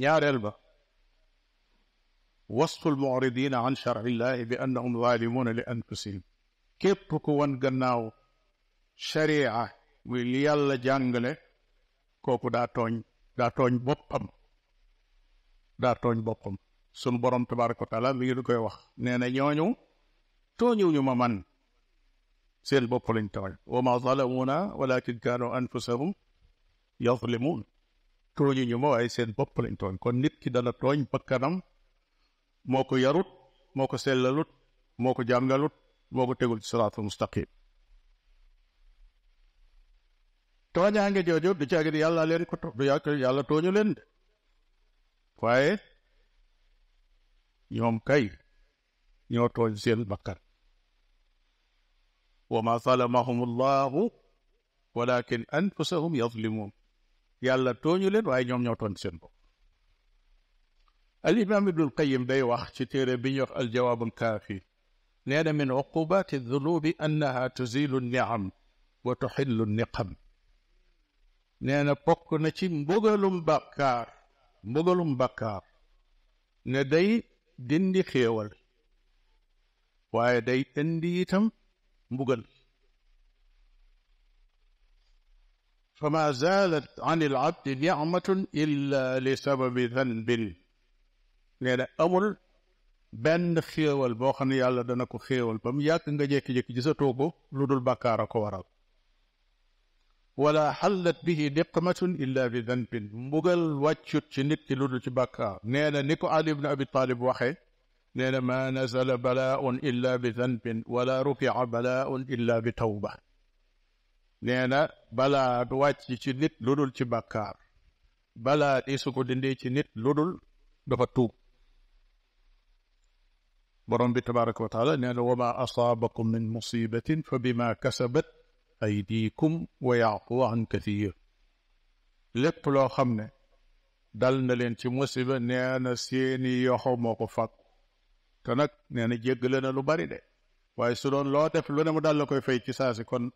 ñaareel ba wasfu almuridina an charcillahi bi annahum zalimuna li anfusihim képp ku won gannaaw sharia muy li yàlla jàngale kooku daa tooñ boppam daa tooñ boppam sun borom tabaraka wa taala mi koy wax nee na ñooñu tooñuñu ma man seen bopp lañ tooñ wa ma zalamuna walakin kaanu anfusahum yazlimun tooñu ñu ma seen bopp lañ tooñ kon nit ki dana tooñ bakkanam moo ko yarut moo ko sellalut moo ko jàngalut moo ko tegul ci siraatul mustaqim tooñaange jooju du caagi di yàlla leen ko to du yàgg yàlla tooñu leen de waaye ñoom kay ñoo tooñ seen bakkan wa ma zalamahum allahu walakin anfusahum yazlimun yàlla tooñu leen waaye ñoom ñoo tooñ seen bopp al imam ibnul qayim day wax ci téere bi ñuy wax al jawaabul kaafi nee na min uqubaati dunubi annaha tuzilu niam wa tuxillu niqam nee na bokk na ci mbugalum bàkkaar mbugalum bàkkaar ne day dindi xéewal waaye day indi itam mbugal فما زالت عن العبد نعمة إلا لسبب ذنب nee na amul benn xéewal boo xam ne yàlla dana ko xéewal ba mu yàgg nga jékki-jékki gisatoo ko lu dul bàkkaara ko waral wala xallat bihi niqmatun illa bi danbin mbugal wàccut ci nit ki lu dul ci bàkkaar nee na ni ko Ali ibn Abi Talib waxee nee na ma nazala balaaun illa bi danbin wala rufi'a balaaun illa bi tawba nee na balaa du wàcc ci nit lu ci bàkkaar balaa di su dindee ci nit lu dul dafa tuub borom bi tabaraka wa taala nee na wa ma asaabakum min musibatin fa bima kasabat aydikum wa yaafu an kathir lépp loo xam ne dal na leen ci musiba nee na seeni yoxo moo ko fàkk te nag na lu bari de waaye su loo def lu ne mu dal la koy ci saasi kon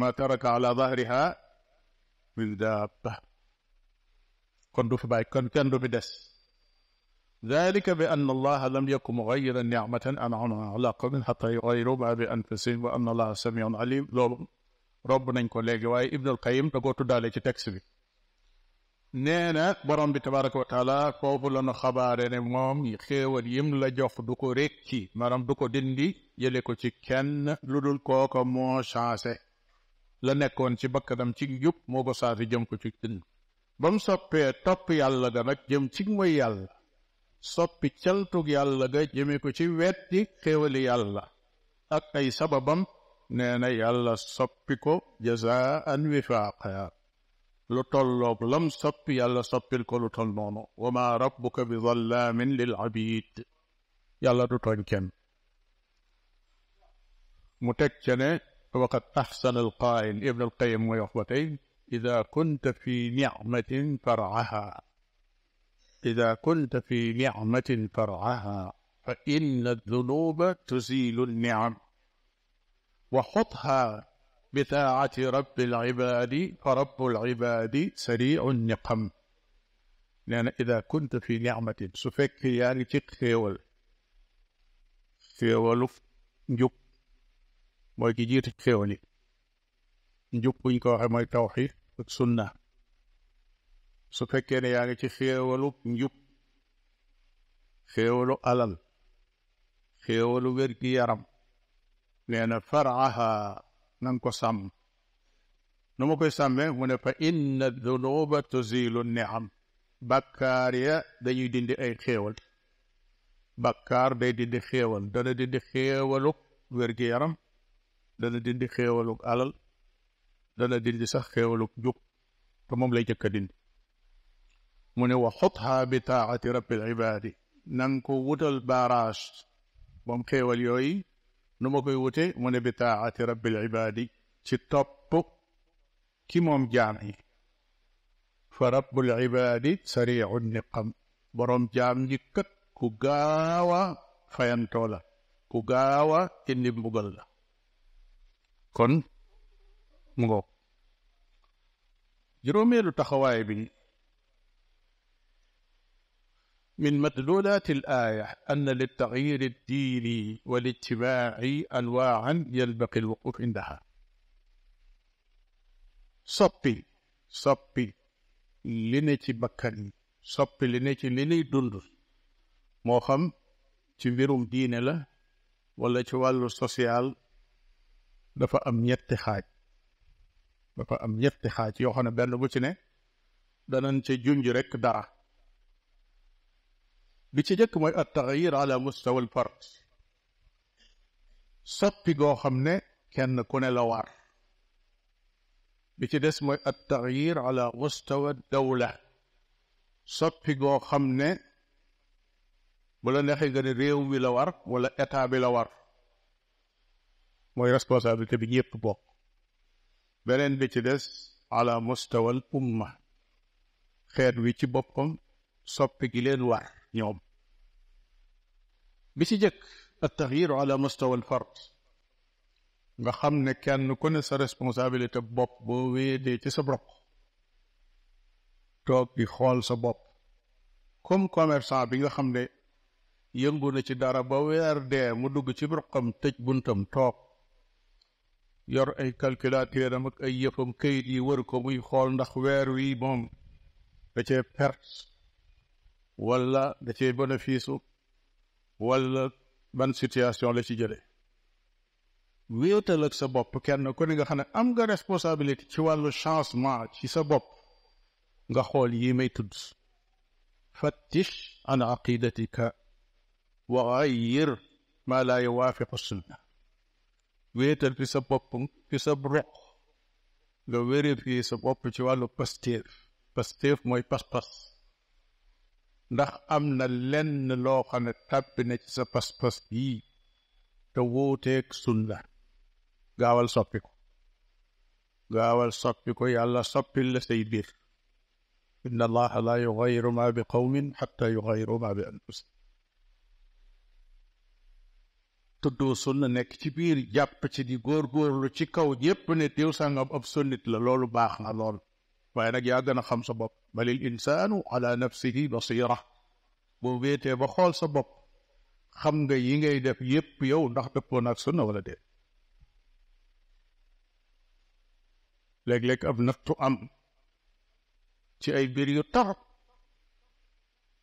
ma taraka ala zahriha min daabba kon du fi bàyyi kon kenn du fi des dalika bi ann allaha lam yaku mugayiran nicmatan anamaha ala qawmin xata yugayiru ma bi anfusihim wa anna allaha samiun alim loolu robb nañ ko léegi waaye ibnul qayim da koo tuddaale ci texte bi nee na borom bi tabaraka wa taala foofu la nu xabaare ne moom xéewal yim la jox du ko rékki maanaam du ko dindi yële ko ci kenn lu dul kooko moo changé la nekkoon ci bakkanam ci njub moo ko saafi jëm ko ci dund ba mu soppee topp yàlla ga nag jëm ci mooy yàlla soppi caltug yàlla ga jëme ko ci wetti xéewali yàlla ak ay sababam nee na yàlla soppi ko jazaan wifaqa lu tolloog lam soppi yàlla soppil ko lu tol noonu wa ma rabbuka bi zallaamin lil abid yàlla du tooñ mu teg ca waqad axsana al qaayil ibn al qayyim mooy wax ba tey ida kunta fi nicmatin faraaha ida kunta fi nicmatin faraaha fa inna dunuba tuzilu nnicam wa xutha bitaacati rabbi alcibaadi fa rabbu alcibaadi sariicu niqam nee na ida kunta fi nicmatin su fekkee yaa ngi ci xéewal xéewalu njub mooy ki jiite xéwal yi njub buñ ko waxee mooy tawxiid ak sunna su fekkee ne yaa ngi ci xéewalu njub xéewalu alal xéewalu wér-gi-yaram nee na faraha na nga ko sàmm nu ma koy sàmmee mu ne fa inna dunuba tuzilu niam bàkkaar ya dañuy dindi ay xéewal bàkkaar day dindi xéewal dana dindi xéewalu wér yaram dana dindi xéewaluk alal dana dindi sax xéewaluk jub te moom lay jëkk a dindi mu ne wa xotha bi taati rabbil ibaadi nanga ko wutal barage moom xéewal yooyu nu ma koy wute mu ne bi taati rabbil ibaadi ci topp ki moom jaam yi fa rabbul ibaadi sariicu niqam boroom jaam ñi kat ku gaawa fayantoo la ku gaawa indi mbugal la kon mu ngoog juróomeelu taxawaay bi min madlulaati al aaya an liltaxyir addiini wal ijtimaaci anwaan yalbaqi alwuquf indaha soppi soppi li ci bakkan yi soppi li ci li nuy dund moo ci mbirum diine la wala ci wàllu social dafa am ñetti xaaj dafa am ñetti xaaj yoo xam ne benn bu ci ne danañ ca junj rekk dara bi ci njëkk mooy at taxayir ala mustawa al soppi goo xam ne kenn ku ne la war bi ci des mooy at taxayir ala mustawa dawla soppi goo xam ne bu la neexee nga ne réew mi la war wala état bi la war mooy responsabilité bi ñëpp bokk beneen bi ci des ala mustawal umma xeet wi ci boppam soppi gi leen war ñoom bi ci jëkk at taxyiru ala mustawal fard nga xam ne kenn ku ne sa responsabilité bopp boo wéedee ci sa bopp toog bi xool sa bopp comme commerçant bi nga xam ne yëngu na ci dara ba weer dee mu dugg ci roqam tëj buntam toog yor ay calculateur am ak ay yëfam kayit yi wër ko muy xool ndax weer wii moom da cee perte wala da cee bénéfice wala ban situation la ci jëlee wéetal ak sa bopp kenn ku ne nga xam ne am nga responsabilité ci wàllu changement ci sa bopp nga xool yi may tudd fattish an aqidatika wa ghayyir ma la yuwaafiqu sunna wéetal fi sa bopp fi sa roq nga vérifier sa bopp ci wàllu pastéef pastéef mooy pas-pas ndax am na lenn loo xam ne tàbbi na ci sa pas-pas bii te wóoteeg sunna gaawal soppi ko gaawal soppi ko yàlla soppil la say biir inna allaha la yuxayiru ma bi qawmin xatta yuxayiru ma bi anfusihim tëddoo na nekk ci biir jàpp ci di góorgóorlu ci kaw yépp ne diw sàngam ab sunnit la loolu baax na lool waaye nag yaa gën a xam sa bopp balil insaanu ala nafsihi basira boo wéetee ba xool sa bopp xam nga yi ngay def yépp yow ndax dëppoo nag sunna wala déet léeg-léeg ab nattu am ci ay mbir yu tar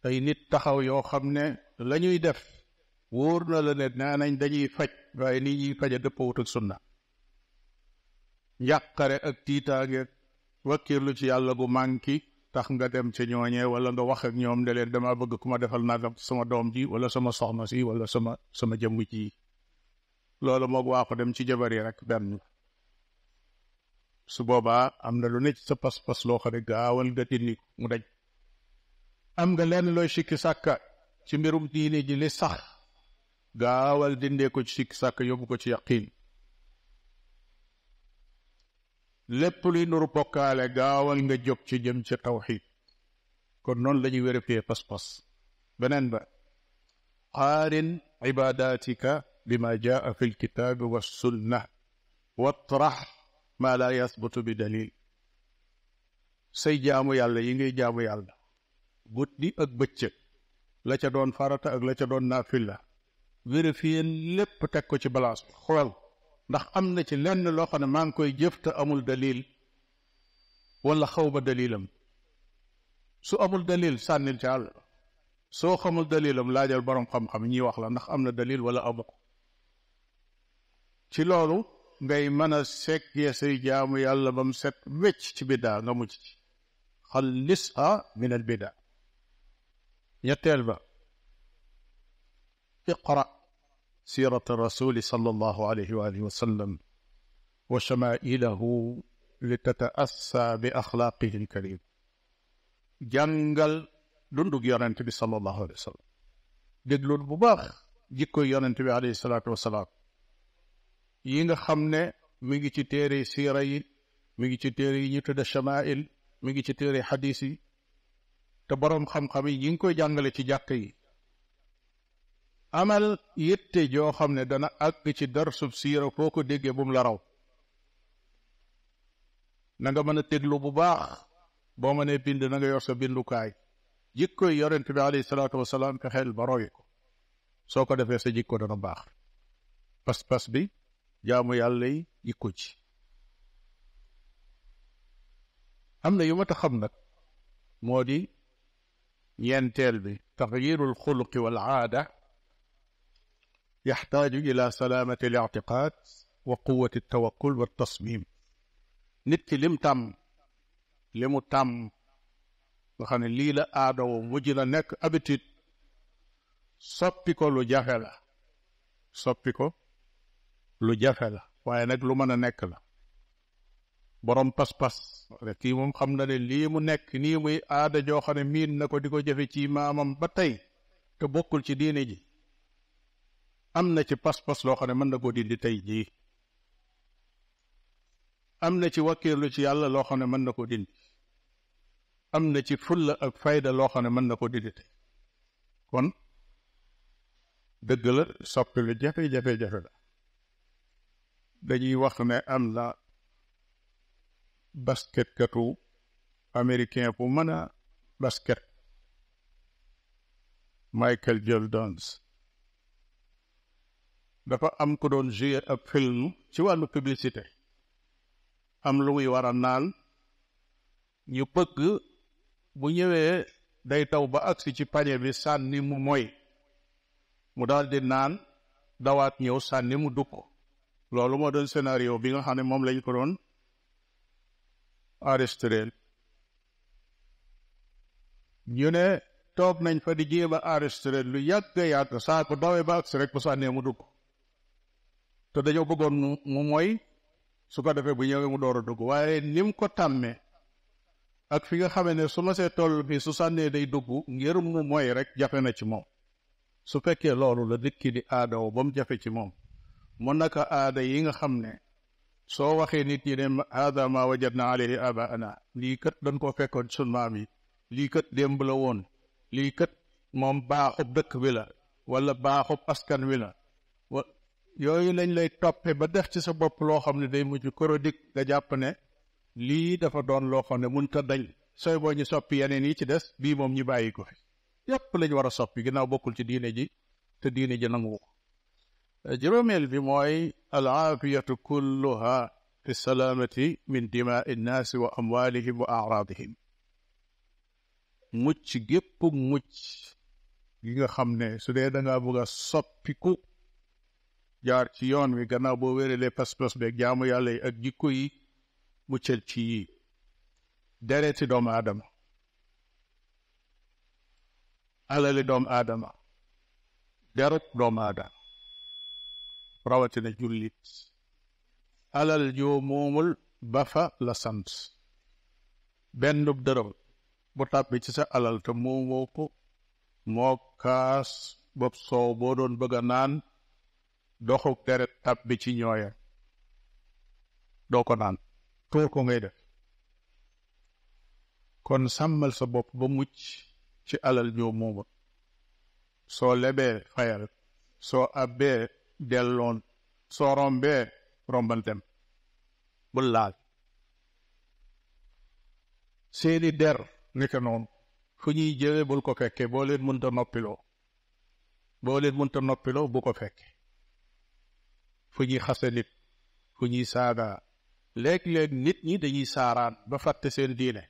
ay nit taxaw yoo xam ne lañuy def wóor na la ne naa nañ dañuy faj waaye nii ñuy faje dëppawut ak sunna njàqare ak tiitaange wakkirlu ci yàlla bu manki tax nga dem ci ñooñee wala nga wax ak ñoom ne leen dama bëgg ku ma defal nangam sama doom ji wala sama soxna si wala sama sama jëmm ji loolu moog waa dem ci jabar yi rek benn su boobaa am na lu ne ci sa pas-pas loo xam ne gaawal nga dindi mu daj am nga lenn looy sikki sàkka ci mbirum diine ji li sax gaawal dindee ko ci sikk sàkk yóbbu ko ci yaqiin lépp luy nuru bokkaale gaawal nga jóg ci jëm ci tawxiid kon noonu la ñuy vérifier pas-pas beneen ba qaarin cibaadatika bima jaa fi lkitaabi wassunna watrax maa laa yasbutu bi dalil say jaamu yàlla yi ngay jaamu yàlla guddi ak bëccëg la ca doon farata ak la ca doon naafila vérifier lépp teg ko ci balance bi xool ndax am na ci lenn loo xam ne maa ngi koy jëf te amul dalil wala xaw ma dalilam su amul dalil sànnil ci àll soo xamul dalilam laajal borom xam-xam ñiy wax la ndax am na dalil wala amu ko ci loolu ngay mën a seggee say jaamu yàlla ba mu set wecc ci biddaa nga mucc ci xallis a min al biddaa ñetteel ba iqra سيرة الرسول صلى الله عليه وآله وسلم وشمائله لتتأسى بأخلاقه الكريم jàngal dundug yonent bi sallallahu alayhi wa sallam déglul bu baax jikkoy yonent bi alayhi salaatu wasalaam yi nga xam ne mi ngi ci téere siira yi mi ngi ci téere yi ñu tudde chamail mi ngi ci téere xadis yi te boroom xam-xam yi yi ngi koy jàngale ci jàkk yi amal yitte joo xam ne dana àgg ci darsub siira foo ko déggee bu mu la raw na mën a teglu bu baax boo mënee bind na nga yor sa bindukaay jikkoy yonent bi alayhi salaatu wasalaam fexeel ba ko soo ko defee sa jikko dana baax pas-pas bi jaamu yàlla yi jikko ci am na yu mat a xam nag moo di ñeenteel bi taxyirul xuluqi wal aada yaxtaaju ila salaamati al ictiqaad wa quwati tawakkul wa tasmim nit ki lim tam limu mu tàmm nga xam ne lii la aadawo mujj la nekk habitude soppi ko lu jafe la soppi ko lu jafe la waaye nag lu mën a nekk la borom pas-pas rek kii moom xam na ne lii mu nekk nii aada joo xam ne miin na ko di ko jafe ci maamam ba tey bokkul ci diine ji am na ci pas-pas loo xam ne mën na koo dindi tey jii am na ci wakkiirlu ci yàlla loo xam ne mën na koo dindi am na ci fulla ak fayda loo xam ne mën na koo dindi tey kon dëgg la soppi lu jafe-jafe-jafe la dañuy wax ne am na basketkatu américain bu mën a basket Michael Jordan dafa am ku doon jouer ab film ci wàllu publicité am lu muy war a naan ñu pëkk bu ñëwee day taw ba agsi ci pañe bi sànni mu moy mu daldi naan dawaat ñëw sànni mu dugg loolu moo doon scénario bi nga xam ne moom lañ ko doon enregistré ñu ne toog nañ fa di jéem a enregistré lu yàgg yàgg saa ko dawee ba agsi rek bu sànnee mu dugg te dañoo bëggoon mu mooy su ko defee bu ñëwee mu door a dugg waaye ni mu ko tàmmee ak fi nga xamee ne su ma see toll bi su sànnee day dugg ngir mu mooy rek jafe na ci moom su fekkee loolu la dikki di aadawo ba mu jafe ci moom mu naka aada yi nga xam ne soo waxee nit ñi ne hada ma naa alayhi abaana lii kat dañ koo fekkoon sun maam yi lii kat démb la woon lii kat moom baaxub dëkk bi la wala baaxub askan wi la yooyu lañ lay toppe ba def ci sa bopp loo xam ne day mujj korodique nga jàpp ne lii dafa doon loo xam ne mun ta dañ sooy boo ñu soppi yeneen yi ci des bii moom ñi bàyyi ko fi yépp lañ war a soppi ginnaaw bokkul ci diine ji te diine ji nangu ko juróomeel bi mooy al aafiyatu kulluha fi salaamati min dimaai nnaasi wa amwaalihim muc araadihim mucc gépp mucc gi nga xam ne su dee da ngaa bëgg a soppiku jaar ci yoon wi gannaaw boo wéralee pas-pas beeg jaamu yàlla ak jikko yi muccal ci yi dereti doomu aadama alali doomu aadama deret doomu aadama rawatina jullit alal joo moomul ba fa la sant benn dërëm bu tàbbi ci sa alal te moomoo ko kaas bopp soow boo doon bëgg a naan doxuk deret tab bi ci ñooya doo ko naan tuur ko ngay def kon sàmmal sa bopp ba mucc ci alal joo soo lebee fayal soo abbee delloon soo rombee rombantem bu laal seeni der neke noonu fu ñuy jëlee bul ko fekke boo leen mënta noppiloo boo leen bu ko fekke fu ñuy xase nit fu ñuy saaga léeg-léeg nit ñi dañuy saaraan ba fàtte seen diine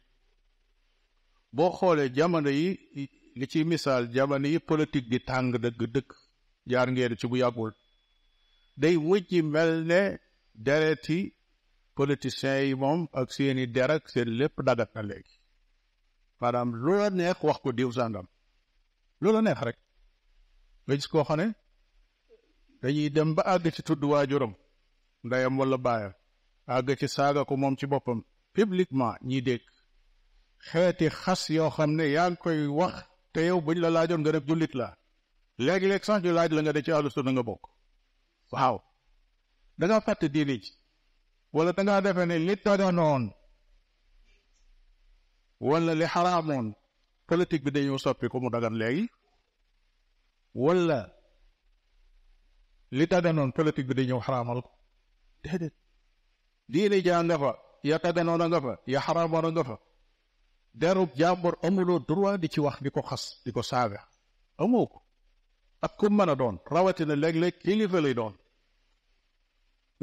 boo xoolee jamono yi li ci misaal jamono yi politique di tàng dëgg-dëgg jaar ngeen ci bu yàggul day mujj mel ne dereti politiciens yi moom ak seeni der ak seen lépp dagat na léegi maanaam lu la neex wax ko diw sàngam lu la neex rek nga gis koo dañuy dem ba àgg ci tudd waajuram ndeyam walla baayam àgg ci saaga ko moom ci boppam publiquement ñiy dégg xeeti xas yoo xam ne yaa ngi koy wax te yow buñ la laajoon nga def jullit la léegi-léeg sax laaj la nga de ci ahlu sunna nga bokk waaw da ngaa fàtte diine ji wala da ngaa ne li daganoon wala li xaraamoon politique bi dañoo soppi ko mu dagan léegi wala li tade noonu politique bi di ñëw xaraamal ko déedéet diine jaa nga ya tade noon a nga fa ya xaraamoon a nga fa derub jàmbor amuloo droit di ci wax di ko xas di ko saaga amoo ko ak ku mën a doon rawatina léeg-léeg kilifa lay doon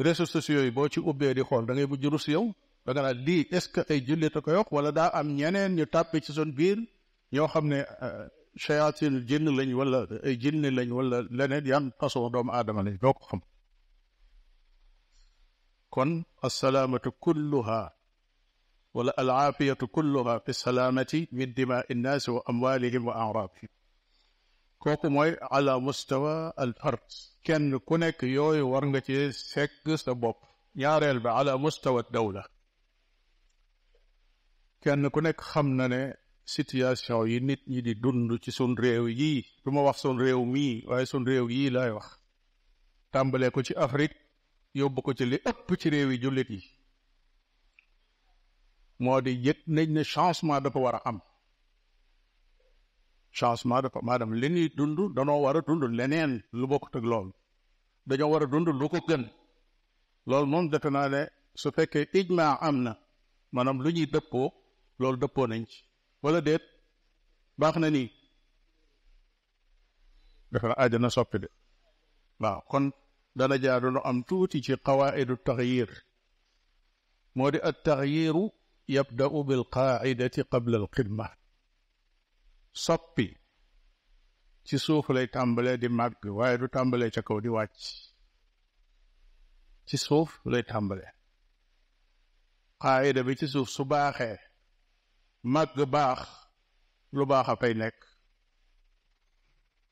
réseaux sociaux boo ci ubbee di xool da ngay bu jurus yow da nga lii est-ce que ay jullit a ko yokk wala daa am ñeneen ñu tàppe ci seen biir ñoo xam ne euh, chayaatil jinn lañ wala ay lañ wala leneen yan façon doomu aadama lañ doo ko xam kon alsalaamatu kulluha wala alaafiyatu kulluha fi salaamati min dimaa innaasi wa amwaalihim wa araabihim kooku mooy ala al fard kenn ku nekk yooyu war nga ci segg sa bopp ñaareel ba ala mustawa dawla kenn ku nekk xam na ne situation yi nit ñi di dund ci sun réew yii du ma wax sun réew mii waaye sun réew yii laay wax tàmbalee ko ci Afrique yóbbu ko ci li ëpp ci réew yi jullit yi moo di yëg nañ ne changement dafa war a am changement dafa maanaam li ñuy dund danoo war a dund leneen lu bokkut ak loolu dañoo war a dund lu ko gën loolu moom defe naa ne su fekkee ijmaa am na maanaam lu ñuy dëppoo loolu dëppoo nañ ci wala déet baax na nii dafa na ajana soppi waaw kon dana jaadu lu am tuuti ci qawaidu taxyir moo di at taxyiru yabda'u bil qaaidati qabla al qidma soppi ci suuf lay tàmbalee di màgg waaye du tàmbalee ca kaw di wàcc ci suuf lay tàmbalee qaayida bi ci suuf su baaxee màgg baax lu baax a fay nekk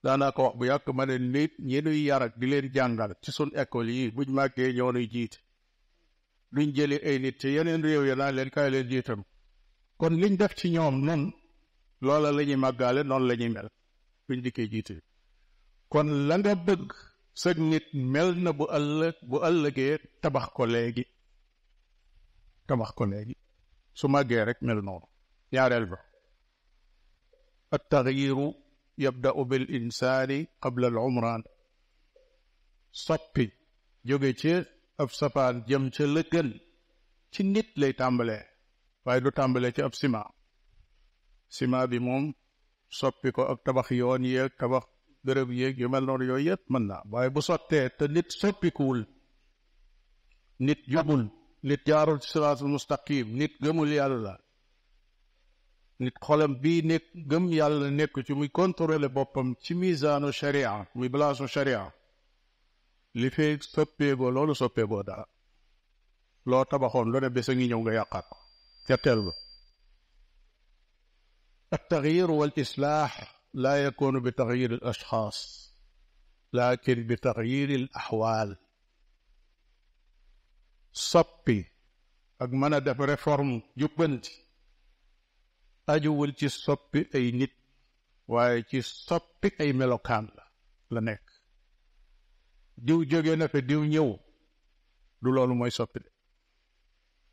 daanaa wax bu yàgg ma ne nit ñi nuy yar ak di leen jàngal ci sun école yi buñ màggee ñoo nuy jiit luñ jëli ay nit te yeneen réew ya naan leen kaay leen jiitam kon liñ def ci ñoom noonu loola lañuy ñuy màggaale noonu la ñuy mel buñ dikkee jiite kon la nga bëgg sa nit mel na bu ëllëg bu ëllëgee tabax ko léegi tabax ko léegi su màggee rek mel noonu ñaareel ba attaxyiru yabda'u bil insaani qabla al umraan soppi jóge ci ab sapaan jëm ca la ci nit lay tàmbalee waaye du tàmbalee ci ab sima ciment bi moom soppi ko ak tabax yoon yeeg tabax bërëb yeeg yu mel noonu yooyu yëpp mën naa waaye bu sottee te nit soppikuwul nit jubul nit jaarul ci siraatul mustaqim nit gëmul yàlla nit xolam bii nekk gëm yàlla nekk ci muy contrôler boppam ci misaanu sharia muy balaasu sharia li fee soppeegoo loolu soppeegoo dara loo tabaxoon lu ne bés a ngi ñëw nga yàqaat ko ca teel ba التغيير والإصلاح لا يكون بتغيير الأشخاص لكن بتغيير الأحوال soppi ak mën a def réforme jubbanti ajowul ci soppi ay nit waaye ci soppi ay melokaan la la nekk diw jóge na fa diw ñëw du loolu mooy soppi de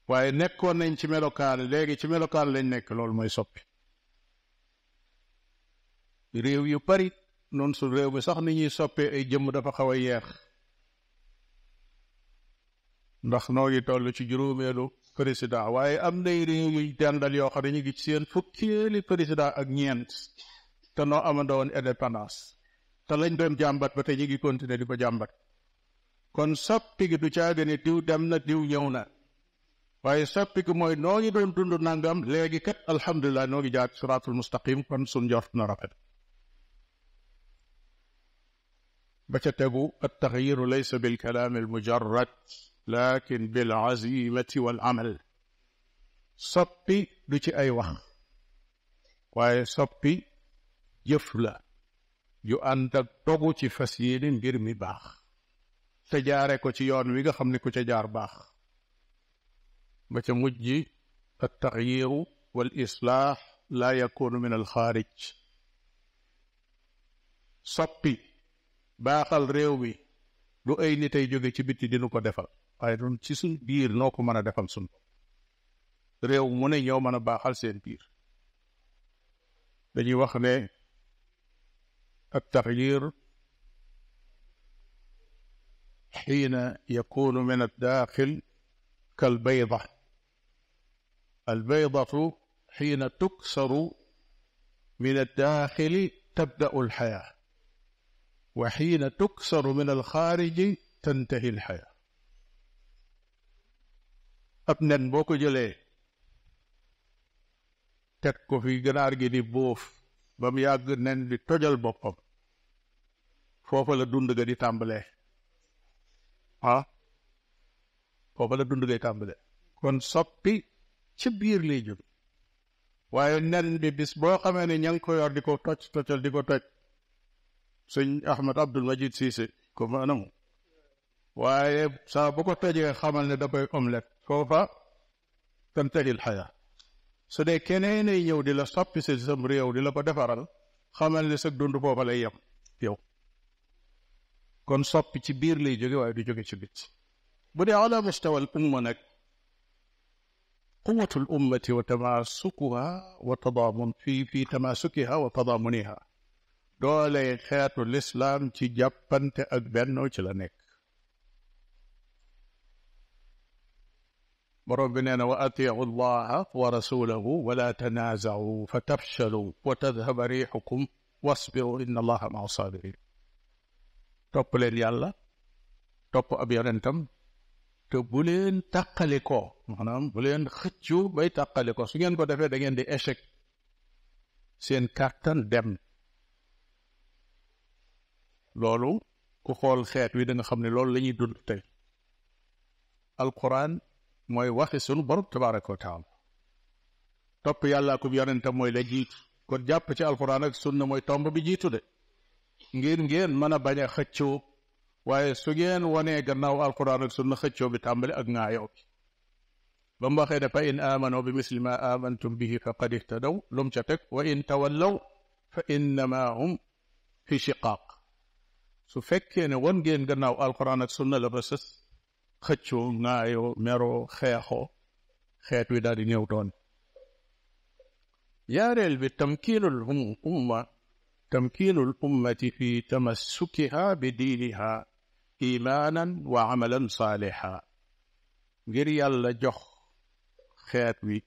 waaye nekkoon nañ ci melokaan léegi ci melokaan lañ nekk loolu mooy soppi réew yu bari noonu su réew mi sax ni ñuy soppee ay jëmm dafa xaw a yeex ndax noo ngi toll ci juróomeelu président waaye am nay réew yuñ dendal yoo xam ne ñu ngi ci seen fukkeeli président ak ñeent te noo amandoo woon indépendance te lañ doon jàmbat ba tey ñu ngi continuer di ko jàmbat kon soppi gi du caaga ne diw dem na diw ñëw na waaye soppi gi mooy noo ngi doon dund nangam léegi kat alhamdulilah noo gi jaar siraatul mustaqim kon suñ njort na rafet ba ca tegu at taxyiru laysa bil kalaam al mujarrad laakin bil azimati wal amal soppi du ci ay wax waaye soppi jëf la yu ànd ak dogu ci fas yéene mbir mi baax te jaare ko ci yoon wi nga xam ni ko ca jaar baax ba ca mujj al taxyiru wal islaax laa yakunu min al xaarij soppi baaxal réew bi du ay nit ay jóge ci biti dinu ko defal waaye doon ci suñ biir noo ko mën a defal suñ réew mu ne ñoo mën a baaxal seen biir dañuy wax ne ak taxyir xiina yakunu min addaaxil kal bayda al baydatu xiina tuksaru min addaaxili tabda'u alxayaa wa xiina tuksaru min alxaariji tantahi alxayaa ab nen boo ko jëlee teg ko fi ganaar gi di bóof ba mu yàgg nen bi tojal boppam foofala la di tàmbalee ah foofa la dund gay tàmbalee kon soppi ci biir lay waaye nen bi bis boo xamee ne ña ngi ko yor di ko toj tojal di ko toj sëñ Ahmed Abdul Majid Cissé ko maanaam waaye saa bu ko tojee ne da koy foofa tamtalil xayaa su dee keneen ay ñëw di la soppi si sam réew di la ko defaral xamal ne sa dund foofa lay yem yow kon soppi ci biir lay jóge waaye du jóge ci bit bu dee ala mustawal umma nag quwatul ummati wa tamaasukuha wa tadaamun fi fi tamaasukiha wa tadaamuniha doole xeetu lislaam ci jàppante ak bennoo ci la nekk borom bi nee na wa atiicu llaha wa rasulahu wala tanaazacu fa tafchalu wa tadhaba riixukum wasbiru inna allaha maa sabirin topp leen yàlla topp ab yonentam te bu ko maanaam bu leen xëccu bay tàqali ko su ngeen ko defee da di échec seen kàttan dem loolu ku xool xeet wi da nga xam ne loolu la ñuy dund tey mooy waxi sunu borom tabaaraka wa taala topp yàllaa ko yonentam mooy la jiit kon jàpp ci alxuraan ak sunna mooy tomb bi jiitu de ngir ngeen mën a bañ a xëccoo waaye su ngeen wanee gannaaw alxuraan ak sunna xëccoo bi tàmbali ak ngaayoo bi ba mu waxee dafa in aamano bi misli ma aamantum bihi faqad ihtadaw lu mu ca teg wa in tawallaw fa innama hum fi shiqaaq su fekkee ne wan ngeen gannaaw alxuraan ak sunna la ba sës xëccoo ŋaayoo meroo xeexoo xeet wi daal di néew doon yaareel bi tamkiinul um-, umma tamkiinul ummati fi tamassukiha bi diiniha imaanan wa amalan saaliha ngir yàlla jox xeet wi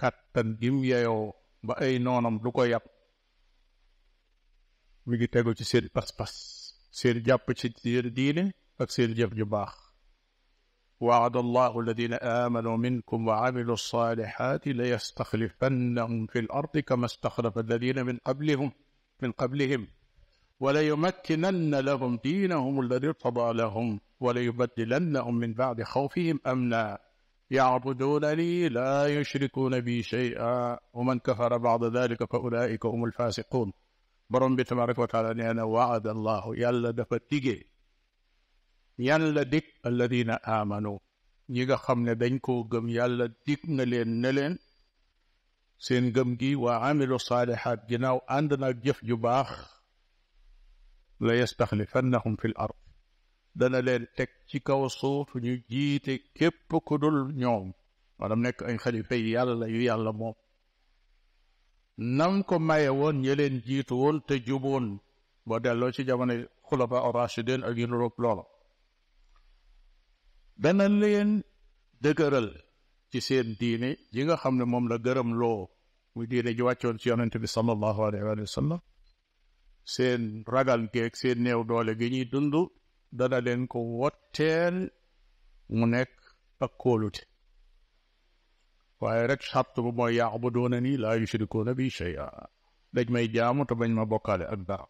kàttan gim yeyoo ba ay noonam du ko yàpp mi ngi tegu ci seen pas-pas seen jàpp ci seen diine ak seen jëf ju baax وعد الله الذين آمنوا منكم وعملوا الصالحات ليستخلفنهم في الأرض كما استخلف الذين من قبلهم من قبلهم وليمكنن لهم دينهم الذي ارتضى لهم وليبدلنهم من بعد خوفهم أمنا يعبدونني لا يشركون بي شيئا ومن كفر بعد ذلك فأولئك هم الفاسقون borom bi tabaraka wa taala nee na waada allahu yàlla dafa dige ñan la dig alladina amanu ñi nga xam ne dañ koo gëm yàlla dig na leen ne leen seen gëm gi waa amilu saalihaat ginnaaw ànd naag jëf ju baax la yastaxlifannahum fi l ard dana leen teg ci kaw suuf ñu jiite képp ku dul ñoom maanaam nekk ay xalifa yi yàlla yu yàlla moom nam ko maye woon ñi leen jiitu woon te juboon boo delloo ci jamono xulafa ar-rashidin ak yu nuroog loola dana leen dëgëral ci seen diine yi nga xam ne moom la gërëm loo muy diine ji wàccoon ci yonente bi sallallahu alayhi wa sallam seen ragal geeg seen néew doole gi ñuy dund dana leen ko wotteel mu nekk ak kóolute waaye rek sàrt bu mooy yaabuduuna nii laa yushrikuuna bi shay'a dañ may jaamu te bañ ma bokkaale ak dara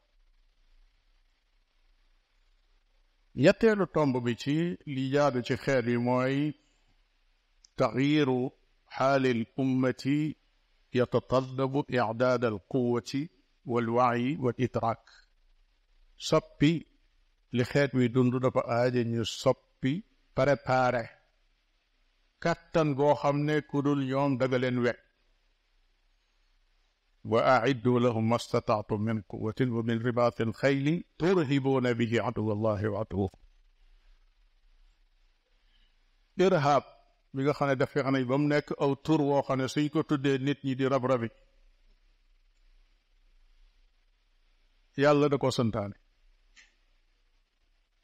ñetteelu tomb bi ci li jaadu ci xeet yi mooy taxyiru xaali l ummati yatatallabu i'daad al quwati wal wa'yi wal idraak soppi li xeet wi dund dafa aaje ñu soppi préparé kàttan goo xam ne ku dul ñoom daga leen wekk wa aiddu lahum mastataatum min quwatin wa min ribaati alxayli bi bihi aduwa allahi wa aduwa irhaab bi nga xam ne daf fexe ba mu nekk aw tur woo xam ne suñ ko tuddee nit ñi di rab-rabi yàlla da ko santaane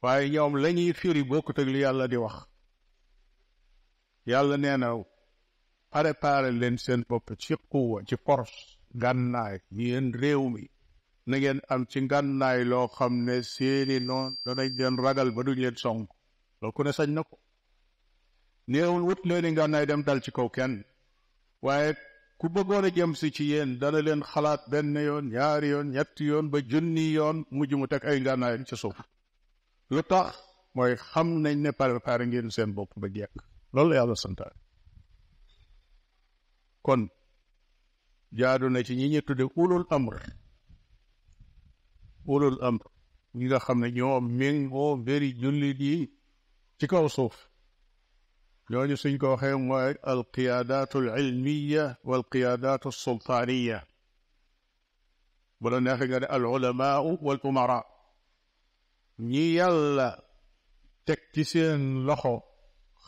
waaye ñoom la ñuy firi bokkut ak li yàlla di wax yàlla nee na préparé leen seen bopp ci quwa ci force ngànnaay yéen réew mi na ngeen am ci ngànnaay loo xam ne seeni noonu danañ leen ragal ba du leen song loolu ku ne sañ na ko néewul wut leeni ngànnaay dem dal ci kaw kenn waaye ku bëggoon a jëm si ci yéen dana leen xalaat benn yoon ñaari yoon ñetti yoon ba junni yoon mujj mu teg ay ngànnaayam ci suuf lu tax mooy xam nañ ne préparé ngeen seen bopp ba jekk loolu la yàlla santaane kon jaadu na ci ñi ñu tudde ulul amr ulul amr ñi nga xam ne ñoom méngoo mbiri jullit yi ci kaw suuf ñooñu suñ ko waxee mooy alqiyaadaatu alilmiya wa alqiyaadaatu alsultaaniya bu la neexee nga ne al ulamaau wal umara ñi yàlla teg ci seen loxo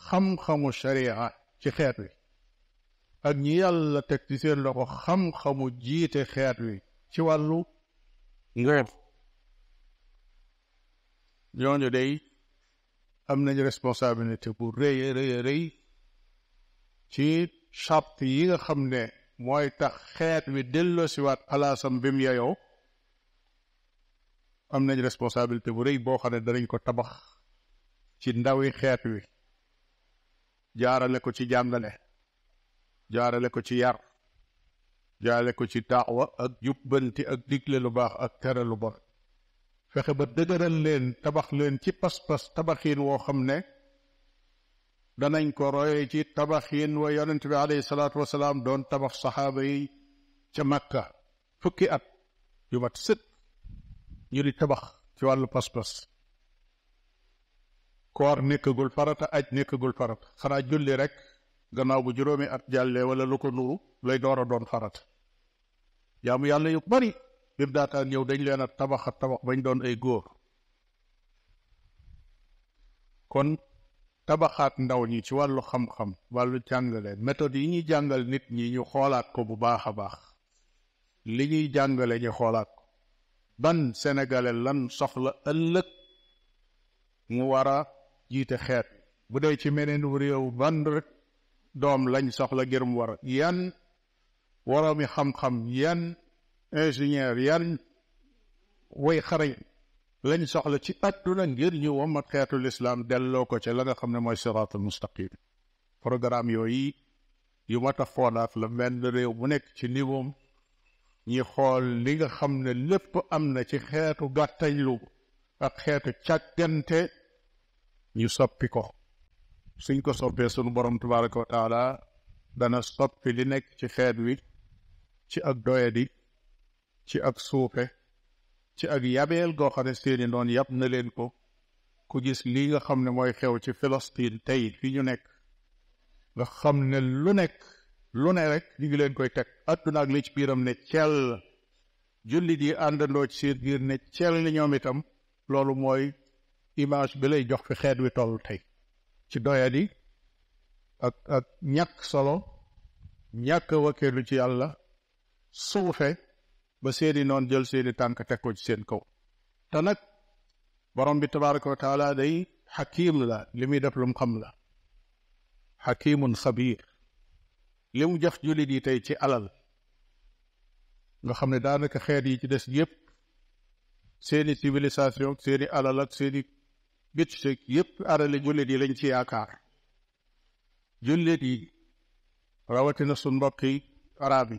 xam-xamu sharia ci xeet mi ak ñi yàlla teg ci seen loxo xam-xamu jiite xeet wi ci wàllu ngëb ñooñu dey am nañu responsabilité bu rëy rëy rëy ci charte yi nga xam ne mooy tax xeet wi delloosiwaat palaasam bi mu yeyoo am nañu responsabilité bu rëy boo xam ne danañ ko tabax ci ndawi xeet wi jaarale ko ci jàngale jaarale ko ci yar jaarale ko ci daawa ak jubbanti ak digle lu baax ak tere lu bon fexe ba dëgëral leen tabax leen ci pas-pas tabaxiin woo xam ne danañ ko royee ci tabaxiin wa yonent bi alayhi salaatu wasalaam doon tabax saxaaba yi ca Makka fukki at yu mat sët ñu di tabax ci wàllu pas-pas koor nekkagul farata aj nekkagul farata xanaa julli rek gannaaw bu juróomi at jàllee wala lu ko nuru lay door a doon farata jaamu yàlla yu bari bim daataan ñëw dañ leen a tabax tabax bañ doon ay góor kon tabaxaat ndaw ñi ci wàllu xam-xam wàllu jàngale méthode yi ñuy jàngal nit ñi ñu xoolaat ko bu baax a baax li ñuy jàngale ñu xoolaat ko ban sénégalais lan soxla ëllëg mu war a jiite xeet bu dee ci meneen réew ban rek doom lañ soxla ngir mu war yan waroomi xam-xam yan ingénieur yan way xarañ lañ soxla ci àdduna ngir ñu wommat xeetu lislaam delloo ko ci la nga xam ne mooy siraatul mustaqim programme yooyu yu mat a foonaat la benn réew mu nekk ci niveau ñi xool li nga xam ne lépp am na ci xeetu gàttañlu ak xeetu càggante ñu soppi ko suñ ko soppee suñu borom tabaraka wa dana dana soppi li nekk ci xeet wi ci ak doyadi ci ak suufe ci ak yabeel goo xam ne seeni noon yàpp na leen ko ku gis lii nga xam ne mooy xew ci Palestine tey fi ñu nekk nga xam ne lu nekk lu ne rek ñu ngi leen koy teg adduna ak li ci biiram ne cell jullit yi àndandoo ci seen biir ne cell li ñoom itam loolu mooy image bi lay jox fi xeet wi toll tey ci doyadi ak ak ñàkk solo ñàkk wakkeelu ci yàlla suufe ba seeni noon jël seeni tànk teg ko ci seen kaw te nag borom bi tabaraka wa taala day xakiim la li muy def lu mu xam la xakiimun xabiir li mu jëf jullit yi tey ci alal nga xam ne daanaka xeer yi ci des yépp seeni civilisation seeni alal ak seeni bitseeg yëpp arale jullit yi lañu ci yaakaar jullit yi rawatina suñ mbokki arab yi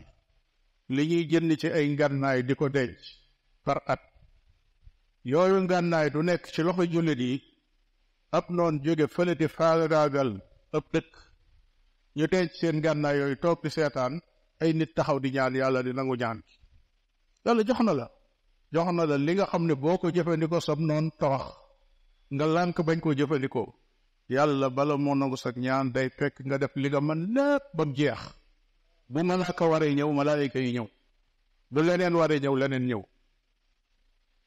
li ñuy jënd ci ay ngànnaay di ko denc par at yooyu ngànnaay du nekk ci loxo jullit yi ab noon jóge fële di faagaagal ab dëkk ñu denc seen ngànnaay yooyu toog di seetaan ay nit taxaw di ñaan yàlla di nangu ñaan yàlla jox na la jox na la li nga xam ne boo ko jëfandikoo sam noon torox nga lànk bañ koo jëfandikoo yàlla bala moo nangu sag ñaan day fekk nga def li nga mën lépp ba mu jeex bu malaaka waree ñëw ma yi ñëw bu leneen waree ñëw leneen ñëw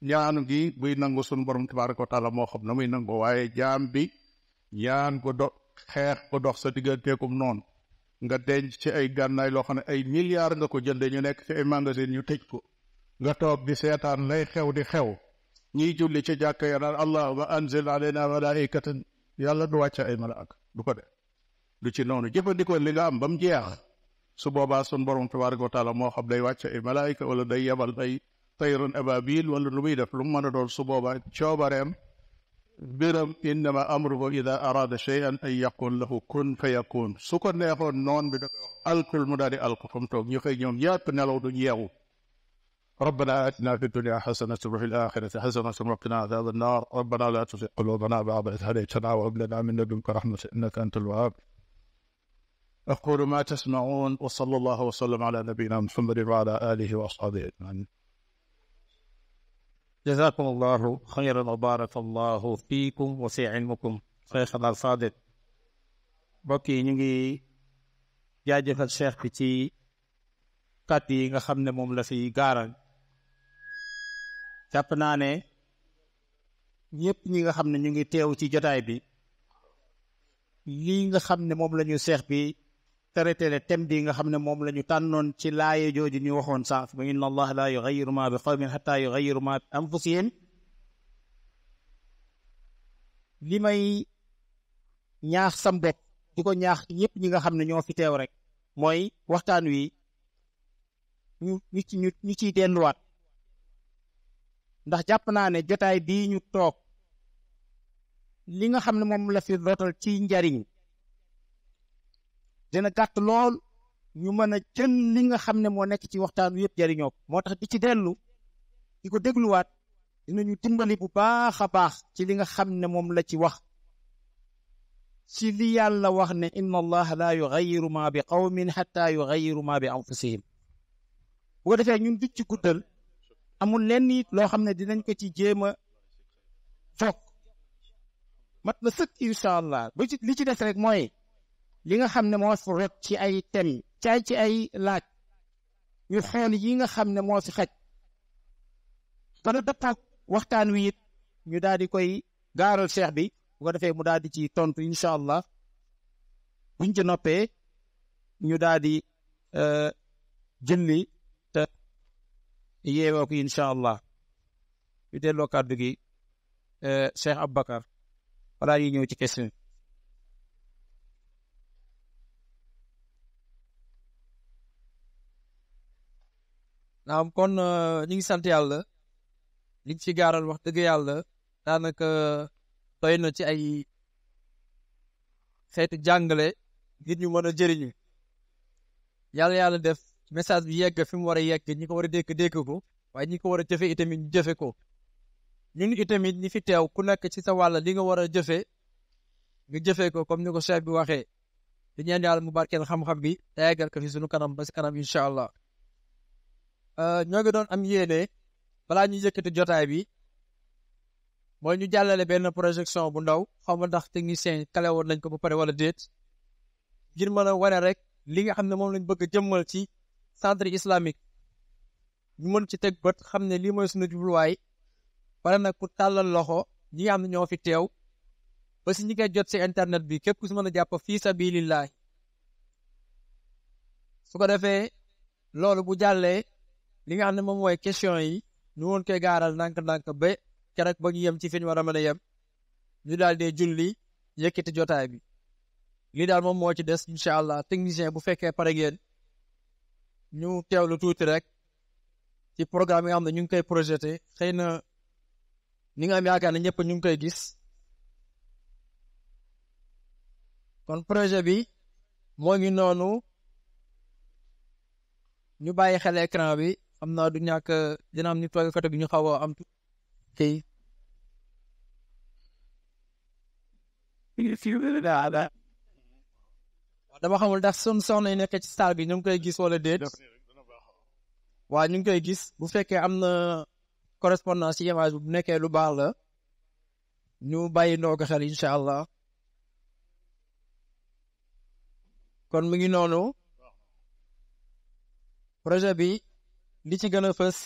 ñaanu gi buy nangu suñu borom tabaaraka ko taala moo xam na muy nangu waaye jaam bi ñaan ko do xeex ko dox sa digganteekum noonu nga denc ci ay gànnaay loo xam ne ay milliards nga ko jënde ñu nekk ci ay magasin ñu tëj ko nga toog bi seetaan lay xew di xew ñiy julli ca jàkka ya naan allahuma anzil alayna malaikatan yàlla du wàcce ay malaaka du ko def du ci noonu jëfandikoo li nga am ba mu jeex su boobaa sun borom tabaraka wa taala moo xam day wàcce ay malaayika wala day yebal ay tayran ababil wala lu muy def lu mu mën a doon su boobaa coobareem biram innama amruhu ida arada cheyan an yaqul lahu kun fa yakun su ko neexoon noon bi alkul mu daal di alku fa mu toog ñu xëy ñoom ñëpp nelaw duñ yeewu ربنا آتنا في الدنيا حسنة وفي الآخرة حسنة وقنا عذاب النار ربنا لا تزغ قلوبنا بعد إذ هديتنا وهب لنا من لدنك رحمة إنك أنت الوهاب أقول ما تسمعون وصلى الله وسلم على نبينا محمد وعلى آله وأصحابه أجمعين جزاكم الله خيرا وبارك الله فيكم وفي علمكم شيخنا الصادق بكي نيجي jaajëfal cheikh bi ci kàddu yi nga xam ne moom la fi gaaral jàpp naa ne ñëpp ñi nga xam ne ñu ngi teew ci jotaay bi lii nga xam ne moom lañu seex bi traité le thème bi nga xam ne moom lañu ñu tànnoon ci laaye jooju ñu waxoon sànq ba inna allah la yugayiru ma bi qawmin xata yugayiru ma bi anfusihim li may ñaax sam bopp ko ñaax ñëpp ñi nga xam ne ñoo fi teew rek mooy waxtaan wi ñu ñu ci ñu ciy delluwaat ndax jàpp naa ne jotaay bii ñu toog li nga xam ne moom la fi dootal ci njariñ dina gàtt lool ñu mën a jël li nga xam ne moo nekk ci waxtaan wi yëpp jariñoo moo tax di ci dellu di ko dégluwaat dinañu dimbali bu baax a baax ci li nga xam ne moom la ci wax ci li yàlla wax ne inna allaha laa yugayiru ma bi qawmin xatta yugayiru ma bi anfusihim bu ko defee ñun du ci guddal amul lenn it loo xam ne dinañ ko ci jéem a mat na sëkk incha allah ba ci li ci des rek mooy li nga xam ne moo fi rot ci ay thèmes caay ci ay laaj ñu xool yi nga xam ne moo fi xaj bana dappaak waxtaan wi it ñu daal di koy gaaral cheikh bi bu defee mu daal di ci tontu incha allah buñ ci noppee ñu daal di euh, jëlli yeewoo ko incha allah ñu delloo kàddu gi eh, Cheikh Aboubacar balaa ñuy ñëw ci question naam kon eh, ñu ngi sant yàlla liñ ci gaaral wax dëgg yàlla daanaka eh, doy na ci ay xeetu jàngale ngir ñu mën a jëriñu yàlla yàlla def message bi yegg fi mu war a yegg ñi ko war a dégg dégg ko waaye ñi ko war a jëfe itamit ñu jëfe ko ñun itamit ñi fi teew ku nekk ci sa wàll li nga war a jëfe nga jëfee ko comme ni ko chef bi waxee di mu barkeel xam-xam bi ko fi sunu kanam ba si kanam incha allah euh, ñoo ngi doon am yéene balaa ñu yëkkati jotaay bi mooy ñu jàllale benn projection bu ndaw xaw ma ndax technicien kale woon nañ ko ba pare wala déet ngir mën a wane rek li nga xam ne moom lañ bëgg a jëmmal ci centre islamique ñu mën ci teg bët xam ne lii mooy suñu jubluwaay pare nag pour tàllal loxo ñi nga xam ne ñoo fi teew ba si ñi koy jot si internet bi képp ku si mën a jàpp fii sabilillahi su ko defee loolu bu jàllee li nga xam ne moom mooy question yi ñu woon gaaral ndànk-ndànk ba keroog ba ñu yem ci fi ñu war a mën a yem ñu daal dee julli yëkkati jotaay bi li daal moom moo ci des incha allah technicien bu fekkee pare ngeen ñu teewlu tuuti rek ci programme yi nga xam ne ñu ngi koy projeté xëy na ni nga am yaakaar ne ñëpp ñu ngi koy gis kon projet bi moo ngi noonu ñu bàyyi xel écran bi xam naa du ñàkk dina am ñu toog côté bi ñu xaw a am tu kii dama xamul ndax sun soxna yi nekk ci salle bi ñu ngi koy gis wala déet waaw ñu ngi koy gis bu fekkee am na correspondance ci image bu nekkee lu baax la ñu bàyyi noo ko xel allah kon mu ngi noonu projet bi li ci gën a fës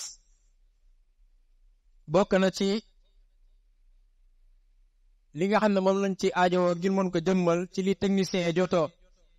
bokk na ci li nga xam ne moom lañ ci aajowoo ngir mën ko jëmmal ci li technicien yi jotoo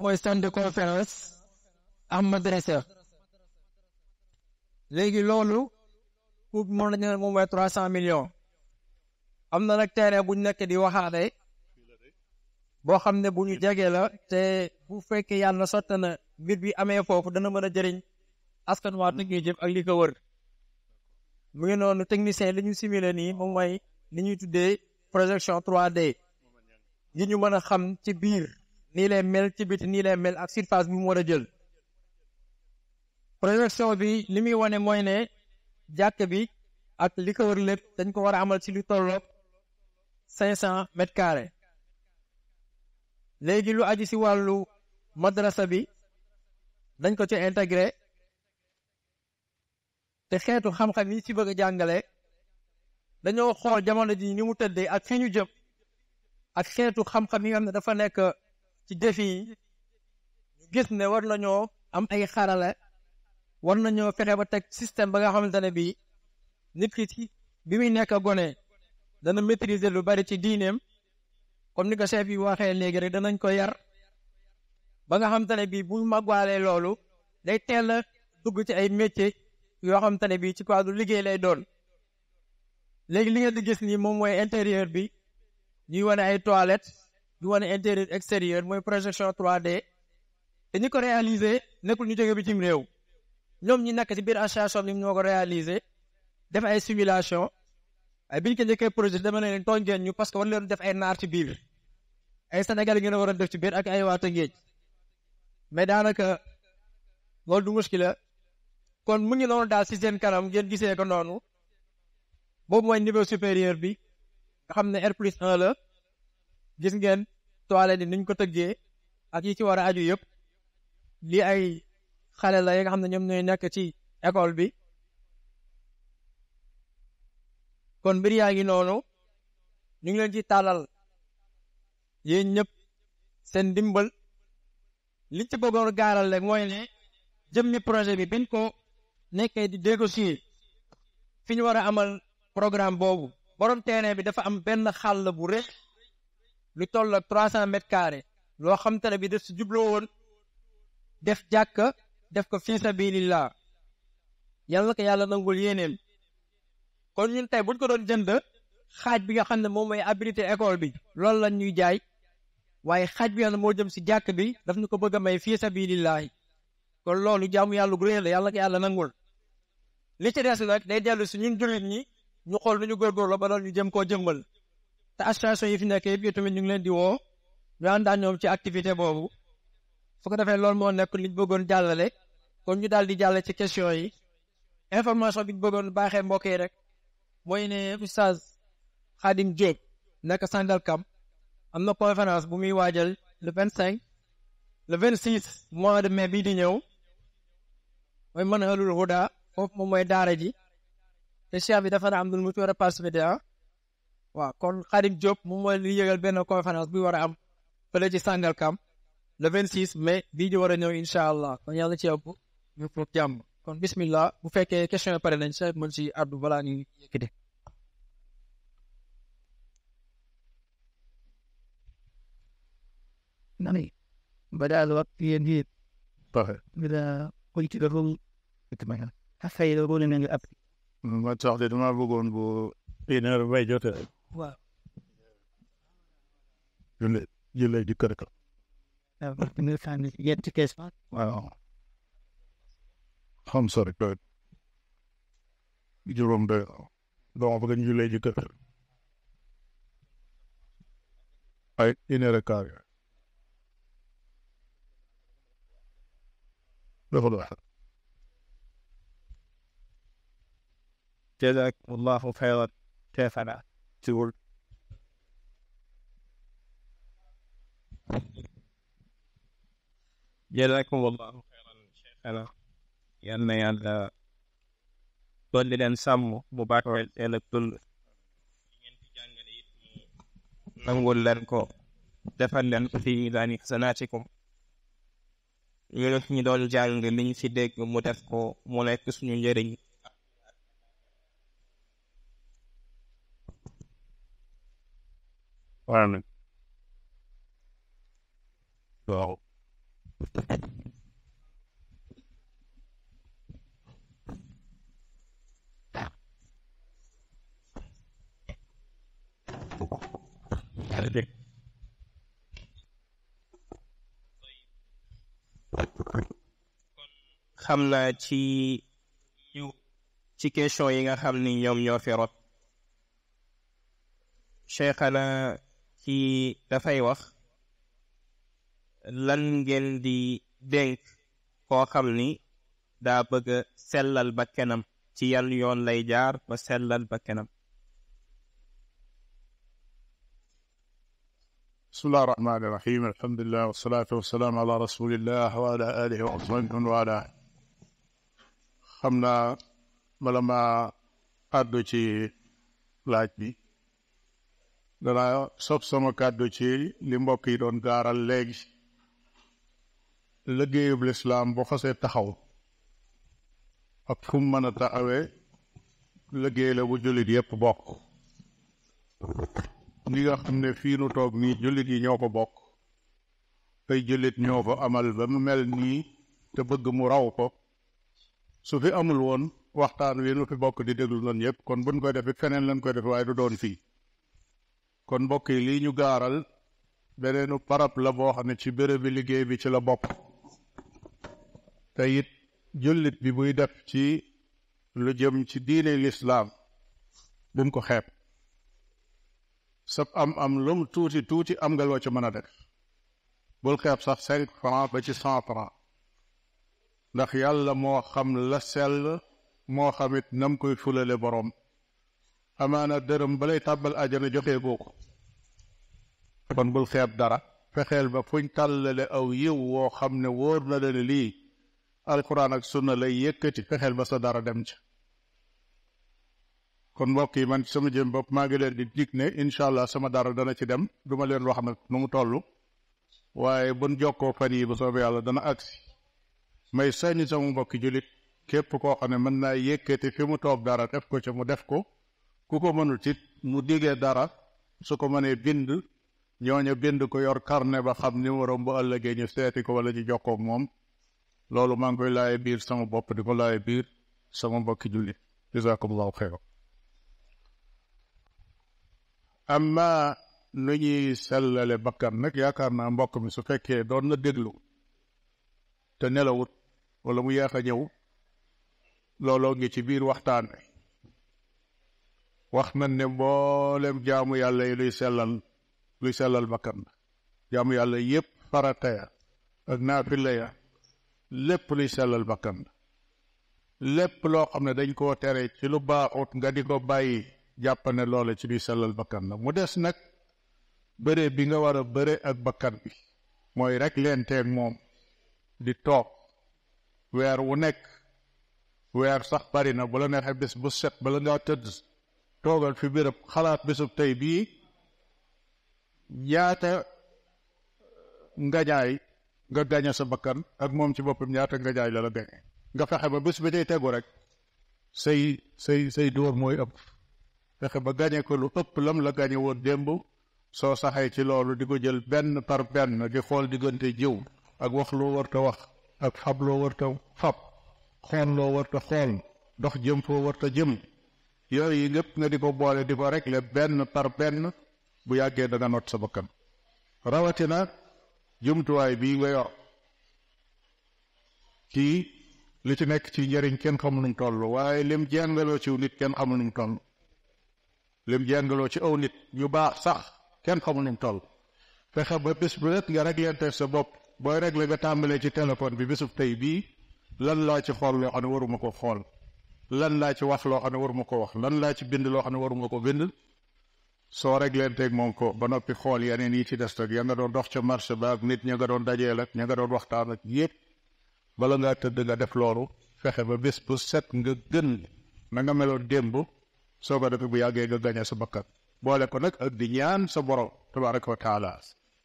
mooy centre de conférence am madrasa léegi loolu pour moom la ñu ne moom mooy trois cent millions am na nag terrain bu ñu nekk di waxaate boo xam ne bu ñu jege la te bu fekkee yàlla sotti na mbir bi amee foofu dana mën a jëriñ askan waa Tëngéej jëf ak li ko wër mu ngi noonu technicien li ñu simulé nii moom mooy li ñuy tuddee projection 3D yi ñu mën a xam ci biir. nii lay mel ci biti nii lay mel ak surface bi mu war a jël projection bi li muy wane mooy ne jàkk bi ak li ko wër lépp dañ ko war a amal ci lu tolloog cinq cent mètres carrés léegi lu aju ci wàllu madrasa bi dañ ko ci intégré te xeetu xam-xam yi ci bëgg jàngale dañoo xool jamono ji ni mu tëddee ak fi ñu ak xeetu xam-xam yi nga xam dafa nekk ci défi yi gis ne war nañoo am ay xarala war nañoo fexe ba teg système ba nga xamante ne bii nit ki ci bi muy nekk gone dana maîtriser lu bari ci diineem comme ni ko chef yi waxee léegi rek danañ ko yar ba nga xamante ne bii bu magwaalee loolu day teel a dugg ci ay métier yoo xamante ne bii ci cadre liggéey lay doon léegi li nga di gis nii moom mooy intérieur bi ñuy wane ay toilettes. di wane intérieur extérieur mooy projection 3D te ñi ko réaliser nekkul ñu jóge bitim réew ñoom ñi nekk ci biir association bi ñoo ko réaliser def ay simulation ay biñ ko njëkkee projet dama ne leen tooñ ñu parce que war def ay naar ci biir ay Sénégal ngeen waroon def ci biir ak ay waa Tëngéej mais daanaka loolu du muskila kon mu ñu noonu daal ci seen kanam ngeen gisee ko noonu boobu mooy niveau supérieur bi nga xam ne R plus 1 la gis ngeen toile ni nuñ ko tëggee ak yi ci war a aju yëpp lii ay xale la yi nga xam ne ñoom ñooy nekk ci école bi kon mbir yaa ngi noonu ñu ngi leen ci tàllal yéen ñëpp seen ndimbal liñ ci bëggoon gaaral rek mooy ne jëmmi projet bi biñ ko nekkee di négocier fi ñu war a amal programme boobu borom terrain bi dafa am benn xàll bu rëy lu toll ak trois cent mètres carrés loo xam te ne bi daf si jubloo woon def jàkka def ko fi sabilillah yàlla ko yàlla nangul yeneen kon ñun tey buñ ko doon jënd xaaj bi nga xam ne moom mooy habilité école bi loolu lañ ñuy jaay waaye xaaj bi nga xam moo jëm si jàkk bi daf ñu ko bëgg may fii sabilillahi kon loolu jaamu yàlla gu réer la yàlla ko yàlla nangul li ci des nag day dellu si ñun jullit ñi ñu xool nu ñu góorgóorlu ba lool ñu jëm koo jëmbal te association yi fi nekk yëpp tamit ñu ngi leen di woo ñu ànd ak ñoom ci activité boobu su ko defee loolu moo nekk liñ bëggoon jàllale kon ñu daal di jàll ci question yi information bi bëggoon baaxee mbokk yi rek mooy ne oustaz Khadim Diop nekk Sangalkam am na conférence bu muy waajal le vingt cinq le vingt six mois de mais bii di ñëw mooy mën a ëllëg foof moom mooy daara ji te cheikh bi dafa na am lu mu ci war a waaw kon Khadim Diop moom mooy li yëgal benn conférence bi war a am fële ci Sangalkam le 26 mai bii di war a ñëw incha allah kon yàlla ci yàpp ñu kon bismillah bu fekkee question yi pare nañ sa mën si addu balaa ñu yëkkati نعم بدأ الوقت ينهي طه إذا قلت لهم حتى يدرون أن الأب ما تعطي ما بقول بو waaw. jëlee jëlee di kër ka. waaw. xam sa rek doy. juróom doy donc bëgg ñu jëlee di kër ka. ay une heure et quart. dafa doy. jazakumullahu xayran tour. jazaakum allahu xayran cheikhana yal na yàlla dolli leen sàmm bu baax teel ak dund ngeen ci jàngale leen ko defal leen ko fi daani ñu doon jàng li ci dégg mu def ko mu nekk suñu njëriñ Claramente. na xam naa ci ci question yi nga xam ni ñoom ñoo fi rot ci dafay wax lan ngeen di dénk koo xam ni daa bëgg a sellal ba kenam ci yan yoon lay jaar ba sellal ba kenam bismillah rahmaan rahim alhamdulillah wasalaatu wasalaam ala rasulillah wa ala alihi wa ashabihi wa ala xam naa bala ma àddu bi danaa sob sama kàddu ci li mbokk yi doon gaaral léegi liggéeyub lislaam boo xasee taxaw ak fu mu mën a taxawee liggéey la bu jullit yépp bokk li nga xam ne fii nu toog nii jullit yi ñoo ko bokk tey jullit ñoo ko amal ba mu mel nii te bëgg mu raw ko su fi amul woon waxtaan wii nu fi bokk di déglu noonu yépp kon bu buñ koy defit feneen lañ koy def waaye du doon fii kon mbokk yi lii ñu gaaral beneenu parab la boo xam ne ci bérébi liggéey bi ci la bopp te it jullit bi buy def ci lu jëm ci diine lislaam bum ko xeeb sab am am lum tuuti tuuti am nga loo ci mën a def bul xeeb sax cinq franc ba ci cent franc ndax yàlla moo xam la sel moo xamit nam koy fulale boroom amaana dërëm balay tàbbal ajana joxee goo ko kon bul xeeb dara fexeel ba fuñ tàllale aw yiw woo xam ne wóor na la ne lii alquran ak sunna lay yëkkati fexeel ba sa dara dem ca kon mbokk yi man ci sama jëm bopp maa ngi leen di dig ne incha allah sama dara dana ci dem duma leen wax nag nu mu toll waaye bun jokkoo fan yi ba soobee yàlla dana agsi may sañi sama mbokki jullit képp koo xam ne mën naa yëkkati fi mu toog dara def ko ca mu def ko ku ko mënut it mu digee dara su ko manee bind ñooña bind ko yor carnet ba xam numéro bu ëllëgee ñu seeti ko wala ñu jokkoo moom loolu maa ngi koy laaye biir sama bopp di ko laaye biir sama mbokki jullit jazakumullahu xeyra amma nu ñuy sellale bakkan nag yaakaar naa mbokk mi su fekkee doon na déglu te nelawut wala mu yeex a ñëw looloo ngi biir waxtaan wi wax na ne mboolem jaamu yàlla yi luy sellal luy sellal bakkan jaamu yàlla yépp farata ya ak naafila ya lépp luy sellal bakkan lépp loo xam ne dañ koo tere ci lu baaxut nga di ko bàyyi jàpp ne loola ci luy sellal bakkan la mu des nag bëre bi nga war a bëre ak bakkan bi mooy rek leen teeg moom di toog weer wu nekk weer sax bari na bu la neexee bés bu set bala ngaa tëdd toogal fi béréb xalaat bésub tey bii yaata ngañaay nga gañe sa bakkan ak moom ci boppam ñaata ngañaay la la gañe nga fexe ba bés bi day tegu rek say say say dóor mooy ëpp fexe ba gañe ko lu ëpp lam la gañe woon démb soo saxee ci loolu di ko jël benn par benn di xool diggante jiw ak wax loo warta wax ak fab loo warta fab xool loo warta xool dox jëm foo warta jëm yooyu yi yëpp nga di ko boole di ko régler benn par benn bu yàggee danga nga not sa bakkan rawatina jumtuwaay bii nga yor kii li ci nekk ci njariñ kenn xamul nuñ toll waaye lim jengaloo ci nit kenn xamul nuñ toll lim jengaloo ci aw nit ñu baax sax kenn xamul nuñ toll fexe ba bés bu nekk nga régler sa bopp booy régler nga tàmbalee ci téléphone bi bésub tey bii lan laa ci xool loo xam ne waruma ko xool lan laa ci wax loo xam ne waruma ko wax lan laa ci bind loo xam ne waruma ko bind soo réglenteeg moom ko ba noppi xool yeneen yi ci des rek ya nga doon dox ca marché ba nit ña nga doon dajeel ak ña nga doon waxtaan ak yëpp bala ngaa tëdd nga def loolu fexe ba bés bu set nga gën na nga meloon démb soo ko defee bu yàggee nga gañe sa bakkan boole ko nag ak di ñaan sa borom tabaraka wa taala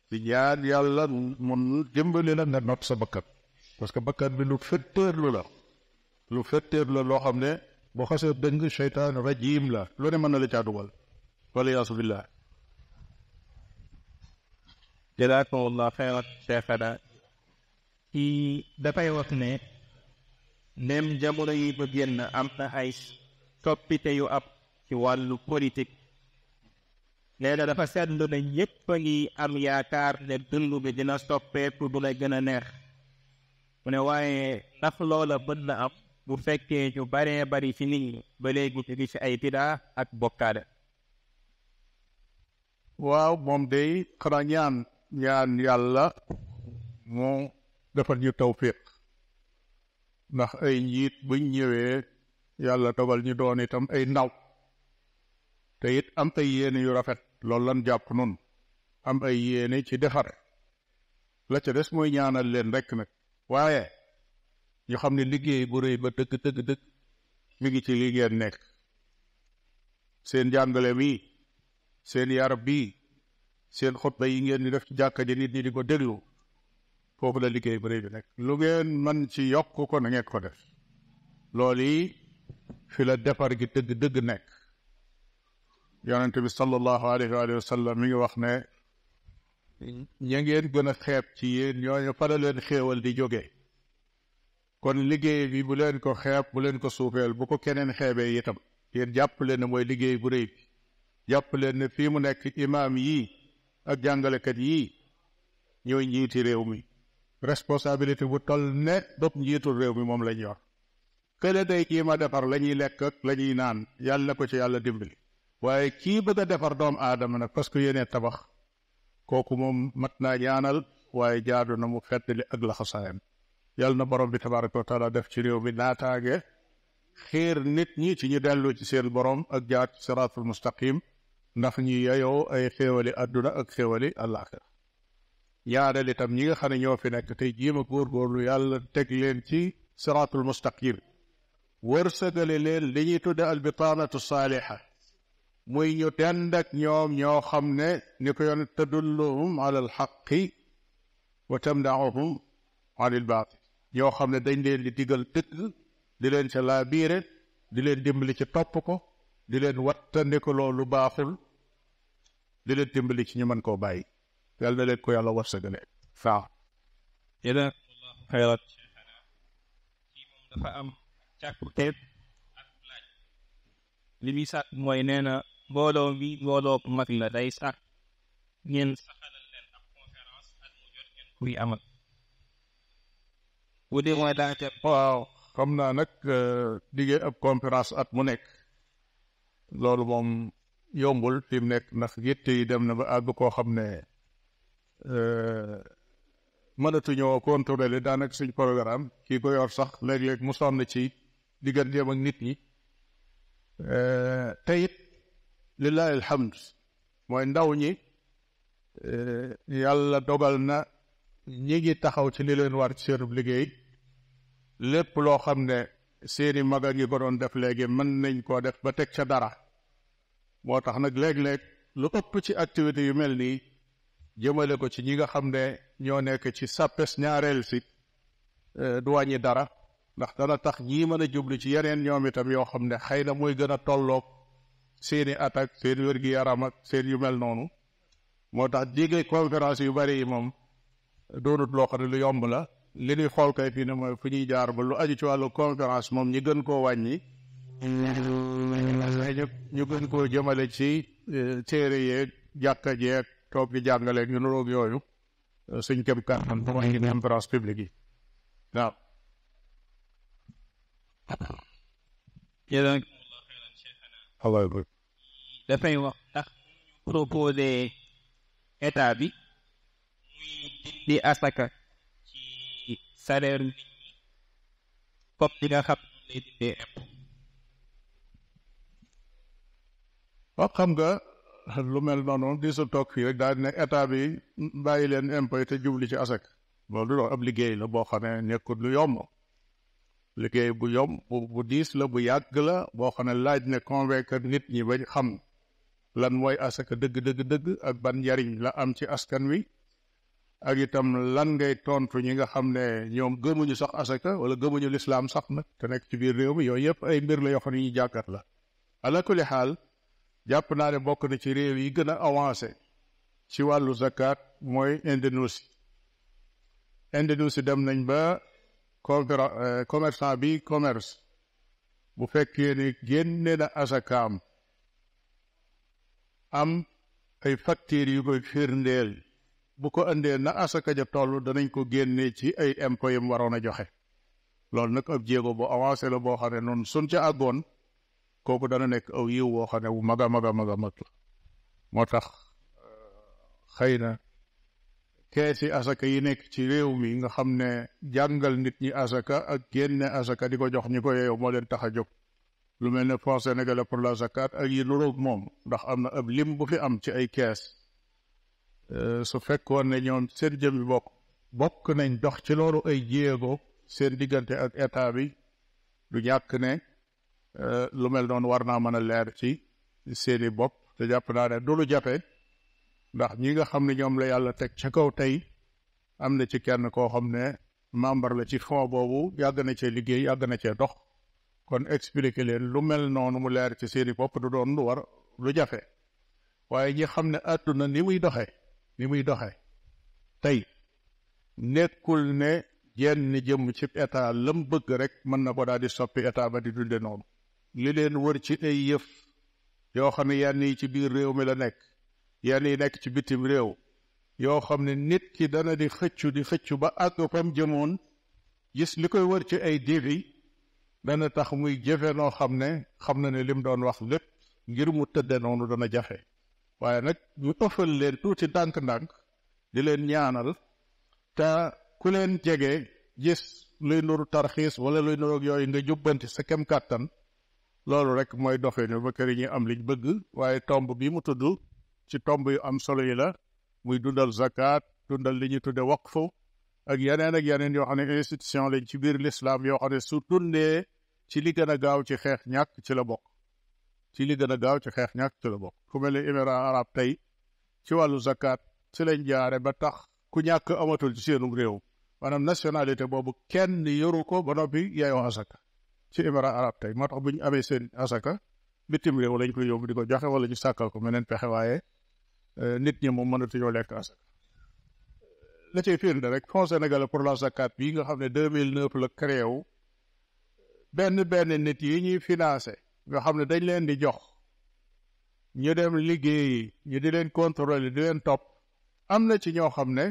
di ñaan yàlla mun dimbali la nga not sa bakkan parce que bakkan bi lu fetteer la loo xam ne boo xasee dëng seytaan rajim la lu ne mën na la caa dugal waliyaasu billah jazakumullah xeyrat seexana ci dafay wax ne ndem jamono yi ba na am na ay coppite yu ab ci wàllu politique nee dafa seetlu ne ñëpp a ngi am yaakaar ne dund bi dina soppeeku du la gën a neer mu waaye ndax loola mën na am bu fekkee ñu baree bari ci nit ñi ba léegi ñu ngi ci ay bidaa ak bokkaale waaw moom day xanaa ñaan ñaan yàlla moo defal ñu tawfiq ndax ay njiit buñ ñëwee yàlla dogal ñu doon itam ay ndaw te am ay yéene yu rafet loolu lan jàpp noonu am ay yéene ci defar la ca des mooy ñaanal leen rekk nag ñu xam ne liggéey bu rëy ba dëgg dëgg dëgg mi ngi ci li ngeen nekk seen jàngale bi seen yarab bi seen xutba yi ngeen di def ci jàkka ji nit ñi di ko déglu foofu la liggéey bu rëy bi nekk lu ngeen man ci yokk ko na ngeen ko def loolu yi fi la defar gi dëgg dëgg nekk yonente bi sallallahu alayhi wa sallam mi ngi wax ne ña ngeen gën a xeeb ci ñoo ñooñu fa la leen xéewal di jógee kon liggéey bi bu leen ko xeeb bu leen ko suufeel bu ko keneen xeebee itam yéen jàpp leen mooy liggéey bu rëy bi jàpp leen ne fii mu nekk imaam yii ak jàngalekat yii ñooy njiiti réew mi responsabilité bu toll ne dopp njiitul réew mi moom la ñu yor kële day kii ma defar la ñuy lekk ak la ñuy naan yàlla na ko ci yàlla dimbali waaye kii bëgg a defar doomu aadama nag parce que yéenee tabax kooku moom mat naa ñaanal waaye jaadu na mu feddali ak laxasaayam yàlla na boroom bi tabaraka wa taala def ci réew mi naataange xiir nit ñi ci ñu dellu ci seen boroom ak jaar ci siraatul mustaqim ndax ñi yeyoo ay xéewali àdduna ak xéewali àllaaxira ñaareel itam ñi nga xam ne ñoo fi nekk tey jéem a góorgóorlu yàlla teg leen ci siraatul mustaqim wërsëgale leen li ñuy tudde albitaanatu saaliha muy ñu dend ñoom ñoo xam ne ni ko yoon tadulluhum ala alxaqi wa tamdaahum an il baatil yoo xam ne dañ leen di digal dëgg di leen ca laa biire di leen dimbali ci topp ko di leen wattandikuloo lu baaxul di leen dimbali ci ñu mën koo bàyyi yàlla na leen ko yàlla warsagale waaw yéen xayrat kii moom dafa am càkku teet ak laaj li muy sàkk mooy nee na mbooloo bi mbooloo bu mag la day sàkk ngeen saxalal bu dee mooy daa tepp waaw xam naa nag euh, liggéey ab conférence at mu nekk loolu moom yombul fi mu nekk nax yitte yi dem na ba àgg koo xam ne euh, mënatuñoo contrôler daanaka suñ programme kii ko yor sax léeg-léeg mu sonn ci digganteem ak nit ñi euh, te it lillahi alhamd mooy ndaw ñi yàlla dogal na ñi ngi taxaw ci li leen war ci seenub liggéey lépp loo xam ne seeni a ngi ko doon def léegi mën nañ koo def ba teg ca dara moo tax nag léeg-léeg lu ëpp ci activité yu mel nii jëmale ko ci ñi nga xam ne ñoo nekk ci sàppes ñaareel si e, du wàññi dara ndax dana tax ñii mën a jublu ci yeneen ñoom itam yoo xam ne xëy na mooy gën a tollook seeni attaque seen wér-gi-yaram ak seen yu mel noonu moo tax digle conférence yu bari yi moom doonut loo xam ne lu yomb la li ñuy xool kay fii ne mooy fu ñuy jaar ba lu ci wàllu concurrence moom ñi gën koo wàññi ñu gën koo jëmale ci e, téere yeeg jàkka jeeg toog di jàngaleeg ñu nuroog yooyu e, suñ kem kàttan bu wàññi concurrence publique yi waaw dafay wax di asaka salaire nit ñi comme li xam nga lu mel noonu di sa toog fii rek daal di bi bàyyi leen impôt yi te jubli ci asek loolu loolu ab liggéey la boo xam ne nekkul lu yomb liggéey bu yomb bu diis la bu yàgg la boo xam laaj ne convaincre nit ñi ba xam lan mooy asaka dëgg dëgg dëgg ak ban njariñ la am ci askan wi ak itam lan ngay tontu ñi nga xam ne ñoom gëmuñu sax asaka wala gëmuñu lislaam sax na te nekk ci biir réew mi yooyu yëpp ay mbir la yoo xam ñuy jàkkat la ala kulli xaal jàpp naa ne bokk na ci réew yi gën a avancé ci wàllu zakat mooy Indonésie Indonésie dem nañ ba euh, commerçant bi commerce bu fekkee ni génne na asakaam am ay factures yu koy firndeel bu ko indee na asaka ja toll danañ ko génnee ci ay impôt yam waroon a joxe loolu nag ab jéego bu avancé la boo xam ne noonu ci ca àggoon kooku dana nekk aw yiw woo xam wu bu mag a mag a mag a mag moo tax euh, xëy na keesi asaka yi nekk ci réew mi nga xam ne jàngal nit ñi asaka ak génne asaka di ko jox ñu ko yeew moo leen tax a jóg lu mel ne Fonds sénégalais pour la zakat ak yi nuroog moom ndax am na ab lim bu fi am ci ay kees Eh, su fekkoon ne ñoom seen jëmi bopp bokk nañ dox ci loolu ay jéego seen diggante ak état bi du ñàkk ne eh, lu mel noonu war naa mën a leer ci seeni bopp te jàpp naane ne du lu jafe ndax ñi nga xam ne ñoom la yàlla teg ca kaw tey am na ci kenn koo xam ne membre la ci fond boobu yàgg na cee liggéey yàgg na cee dox kon expliquer leen lu mel noonu mu leer ci seeni bopp du doon lu war lu jafe waaye ñi xam ne àdduna ni muy doxee ni muy doxee tey nekkul ne jenn jëm ci état lam bëgg rek mën na ko daal di soppi état ba di dunde noonu li leen wër ci ay yëf yoo xam ne yenn yi ci biir réew mi la nekk yenn yi nekk ci bitim réew yoo xam ne nit ki dana di xëccu di xëccu ba ak fam jëmoon gis li koy wër ci ay défi dana tax muy jëfe noo xam ne xam na ne lim doon wax lépp ngir mu tëdde noonu dana jafe waaye nag ñu ëffal leen tuuti ndànk-ndànk di leen ñaanal te ku leen jege gis luy nuru tarxiis wala luy nuru yooyu nga jubbanti sa kem kattan loolu rek mooy doxee ni ba kër yi ñu am liñ bëgg waaye tomb bii mu tudd ci tomb yu am solo yi la muy dundal zakat dundal li ñu tudde waqfu ak yeneen ak yeneen yoo xam ne institution lañ ci biir lislaam yoo xam ne ci li gën a gaaw ci xeex ñàkk ci la bokk ci li gën a ci xeex ñàkk ci la bokk ku mel ni émirats arabes tey ci wàllu zakat ci lañ jaare ba tax ku ñàkk amatul ci seenu réew maanaam nationalité boobu kenn yoru ko ba noppi yaayoo asaka ci émirats arabes tey matax tax bu ñu amee seen asaka bitim réew lañ koy yóbbu di ko joxe wala ñu sàkkal ko meneen pexe waaye euh, nit ñi moom mënatuñoo lekk asaka la cay firnde rek Fonds sénégalais pour la zakat bii nga xam ne deux mille neuf la créé benn benn nit yi ñuy financé nga xam ne dañ leen di jox ñu dem liggéeyi ñu di leen contrôler leen topp am na ci ñoo xam ne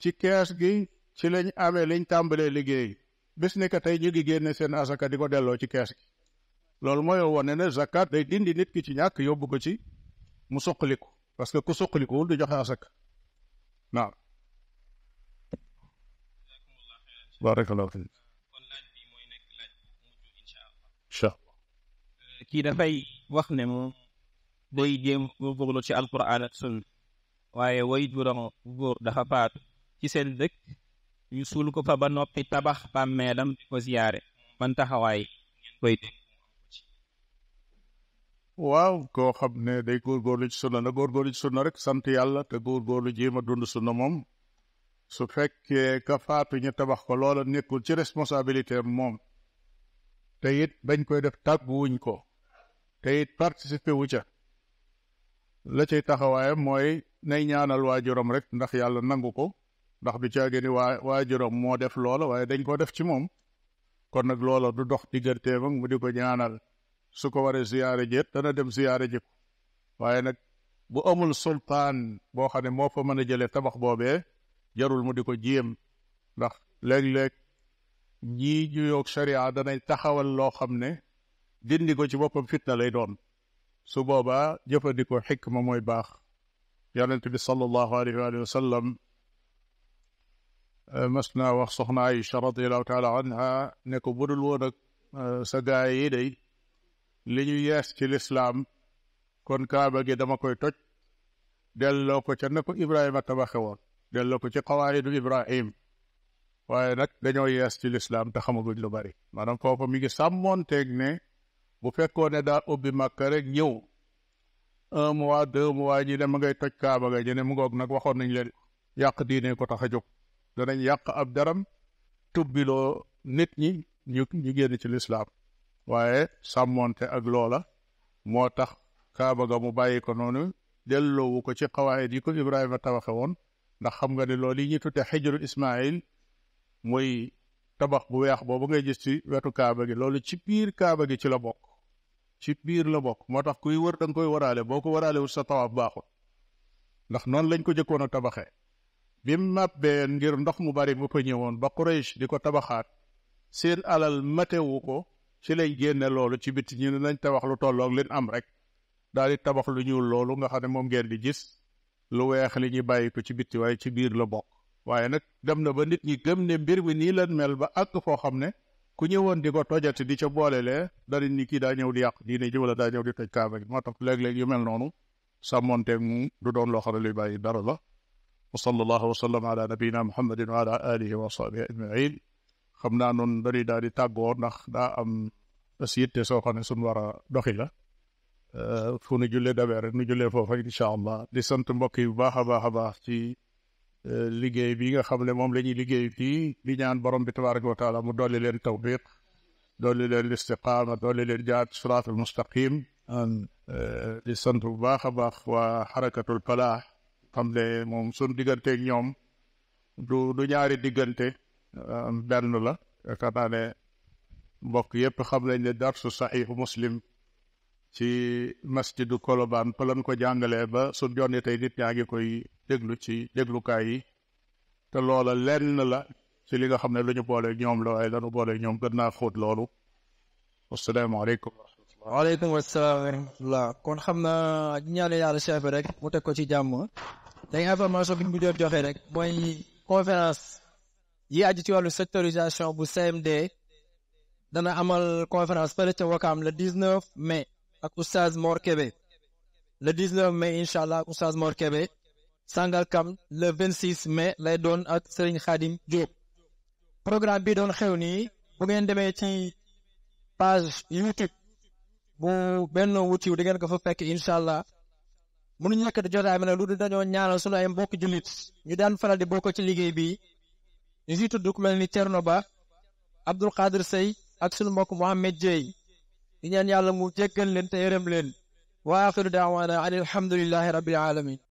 ci kees gi ci lañ amee liñ tàmbalee liggéey bis ni tey ñu ngi génne seen asaka di ko delloo ci kees gi loolu mooy wane ne zakat day dindi nit ki ci ñàkk yóbbu ko ci mu suqaliku parce que ku suqalikuwul du joxe asaka naam kii dafay wax ne moom day jéem góorgóorlu ci alquran ak sunna waaye way juróom góor dafa faatu ci seen dëkk ñu suul ko fa ba noppi tabax bàmmeelam di ko ziyaare man taxawaay koy dégg waaw koo xam ne day góorgóorlu ci sunna na góorgóorlu ci sunna rek sant yàlla te a dund sunna moom su fekkee ka tabax ko loola nekkul ci responsabilité moom te bañ koy def tàgguwuñ ko te it participer wu ca la cay taxawaayam mooy nay ñaanal waa waajuram rek ndax yàlla nangu ko ndax du caage ni waa waajuram moo def loola waaye dañ ko def ci moom kon nag loola du dox digganteem ak mu di ko ñaanal su ko waree ziyaare jeet dana dem ziyaare ji ko waaye nag bu amul sultaan boo xam ne moo fa mën a jëlee tabax boobee jarul mu di ko jéem ndax léeg-léeg ñii ñu yoog sharia danañ taxawal loo xam ne dindi ko ci boppam fitna lay doon su boobaa jëfandikoo xikma mooy baax yonent bi sallallahu alayhi wa sallam eh, mas naa wax soxna Aïcha radiallahu taala anha ne ko budul woon ak eh, sa gaay yi day li ñu yees ci lislaam kon kaaba gi dama koy toj delloo ko ca na ko Ibrahima tabaxe woon delloo ko ci qawaayidu Ibrahim waaye nag dañoo yees ci lislaam te xamaguñ lu bari maanaam foofu mi ngi sàmmoonteeg ne bu fekkoon ne daa ubbi màkka rek ñëw un mois waa mois ñi ne ma ngay toj kaaba nga ñu ne mu ngoog nag waxoon nañ leen yàq diine ko tax a jóg danañ yàq ab daram tubbiloo nit ñi ñu ñu génn ci lislaam waaye sàmmoonte ak loola moo tax kaaba ga mu bàyyi ko noonu delloowu ko ci xawaayit yi ko Ibrahima tabaxe woon ndax xam nga ne loolu yi ñu tudde xijru Ismail muy tabax bu weex boobu ngay gis ci wetu kaaba gi loolu ci biir kaaba gi ci la bokk ci biir la bokk moo tax kuy wër da koy waraale boo ko waraale wut sa tawaaf baaxul ndax noonu lañ ko jëkkoon a tabaxee bi màbbee ngir ndox mu bari mu fa ñëwoon ba Quraysh di ko tabaxaat seen alal matewu ko ci lañ génne loolu ci biti ñu nañ tabax lu tolloog lin am rek daal di tabax lu ñuul loolu nga xam ne moom ngeen di gis lu weex li ñuy bàyyi ko ci yi waaye ci biir la bokk waaye nag dem na ba nit ñi gëm ne mbir mi nii lan mel ba ak foo xam ne ku ñëwoon di ko tojati di ca boolelee danañ ni kii daa ñëw di yàq diine ji wala daa ñëw di toj kaaba gi moo tax léeg-léeg yu mel noonu sàmmonteeg mu du doon loo xam ne luy bàyyi dara la wa sallallahu wa sallam ala nabiyina muhammadin wa ala alihi wa sahbihi ajmain xam naa noonu dañuy daal di tàggoo ndax daa am as yitte soo xam ne suñ war a doxi la fu nu jullee dabee rek nu jullee foofa incha allah di sant mbokk yi bu baax a baax a baax ci Euh, liggéey bii nga xam ne moom la ñuy liggéey fii di ñaan borom bi tabaraka wa taala mu dolli leen tawfiq dolli leen listiqaama dolli leen jaat siraatul mustaqim euh, di sant bu baax a baax waa xarakatul falaax xam ne moom sun digganteeg ñoom du du ñaari diggante benn la yaakaar naa ne yëpp xam nañ ne darsu saxiixu muslim ci masjidu Kolobaan fa lañ ko jàngalee ba su jonni tey nit ñaa ngi koy déglu ci déglukaay yi te loola lenn la ci li nga xam ne lu ñu boole ñoom la waaye lañu boole ñoom gën naa xóot loolu asalaamaaleykum waaleykum asalaam wa rahmatullah kon xam naa ñaane yàlla chef rek mu te ko ci jàmm tey information bi ñu joxe rek mooy conférence yi aju ci wàllu sectorisation bu CMD dana amal conférence fële Wakaam le 19 mai ak oustaz Mor Kébé le 19 mai incha allah ak oustaz Mor Kébé Sangalkam le 26 mai lay doon ak seriñ Khadim Diop. programme bi doon xew nii bu ngeen demee ci page YouTube bu benn wutiw di ngeen ko fa fekk incha allah mënuñu de di jotaay ma ne lu dañoo ñaanal sunu ay mbokk jullit ñu daan faral di bokk ci liggéey bi ñu siy tudd ku mel ni Thierno Ba Abdoul Khadir Sey ak sunu mbokk Mohamed Dieye. di ñaan yàlla mu jéggal leen te yërëm leen wa axiru daawaana an alhamdulillahi rabbil alamin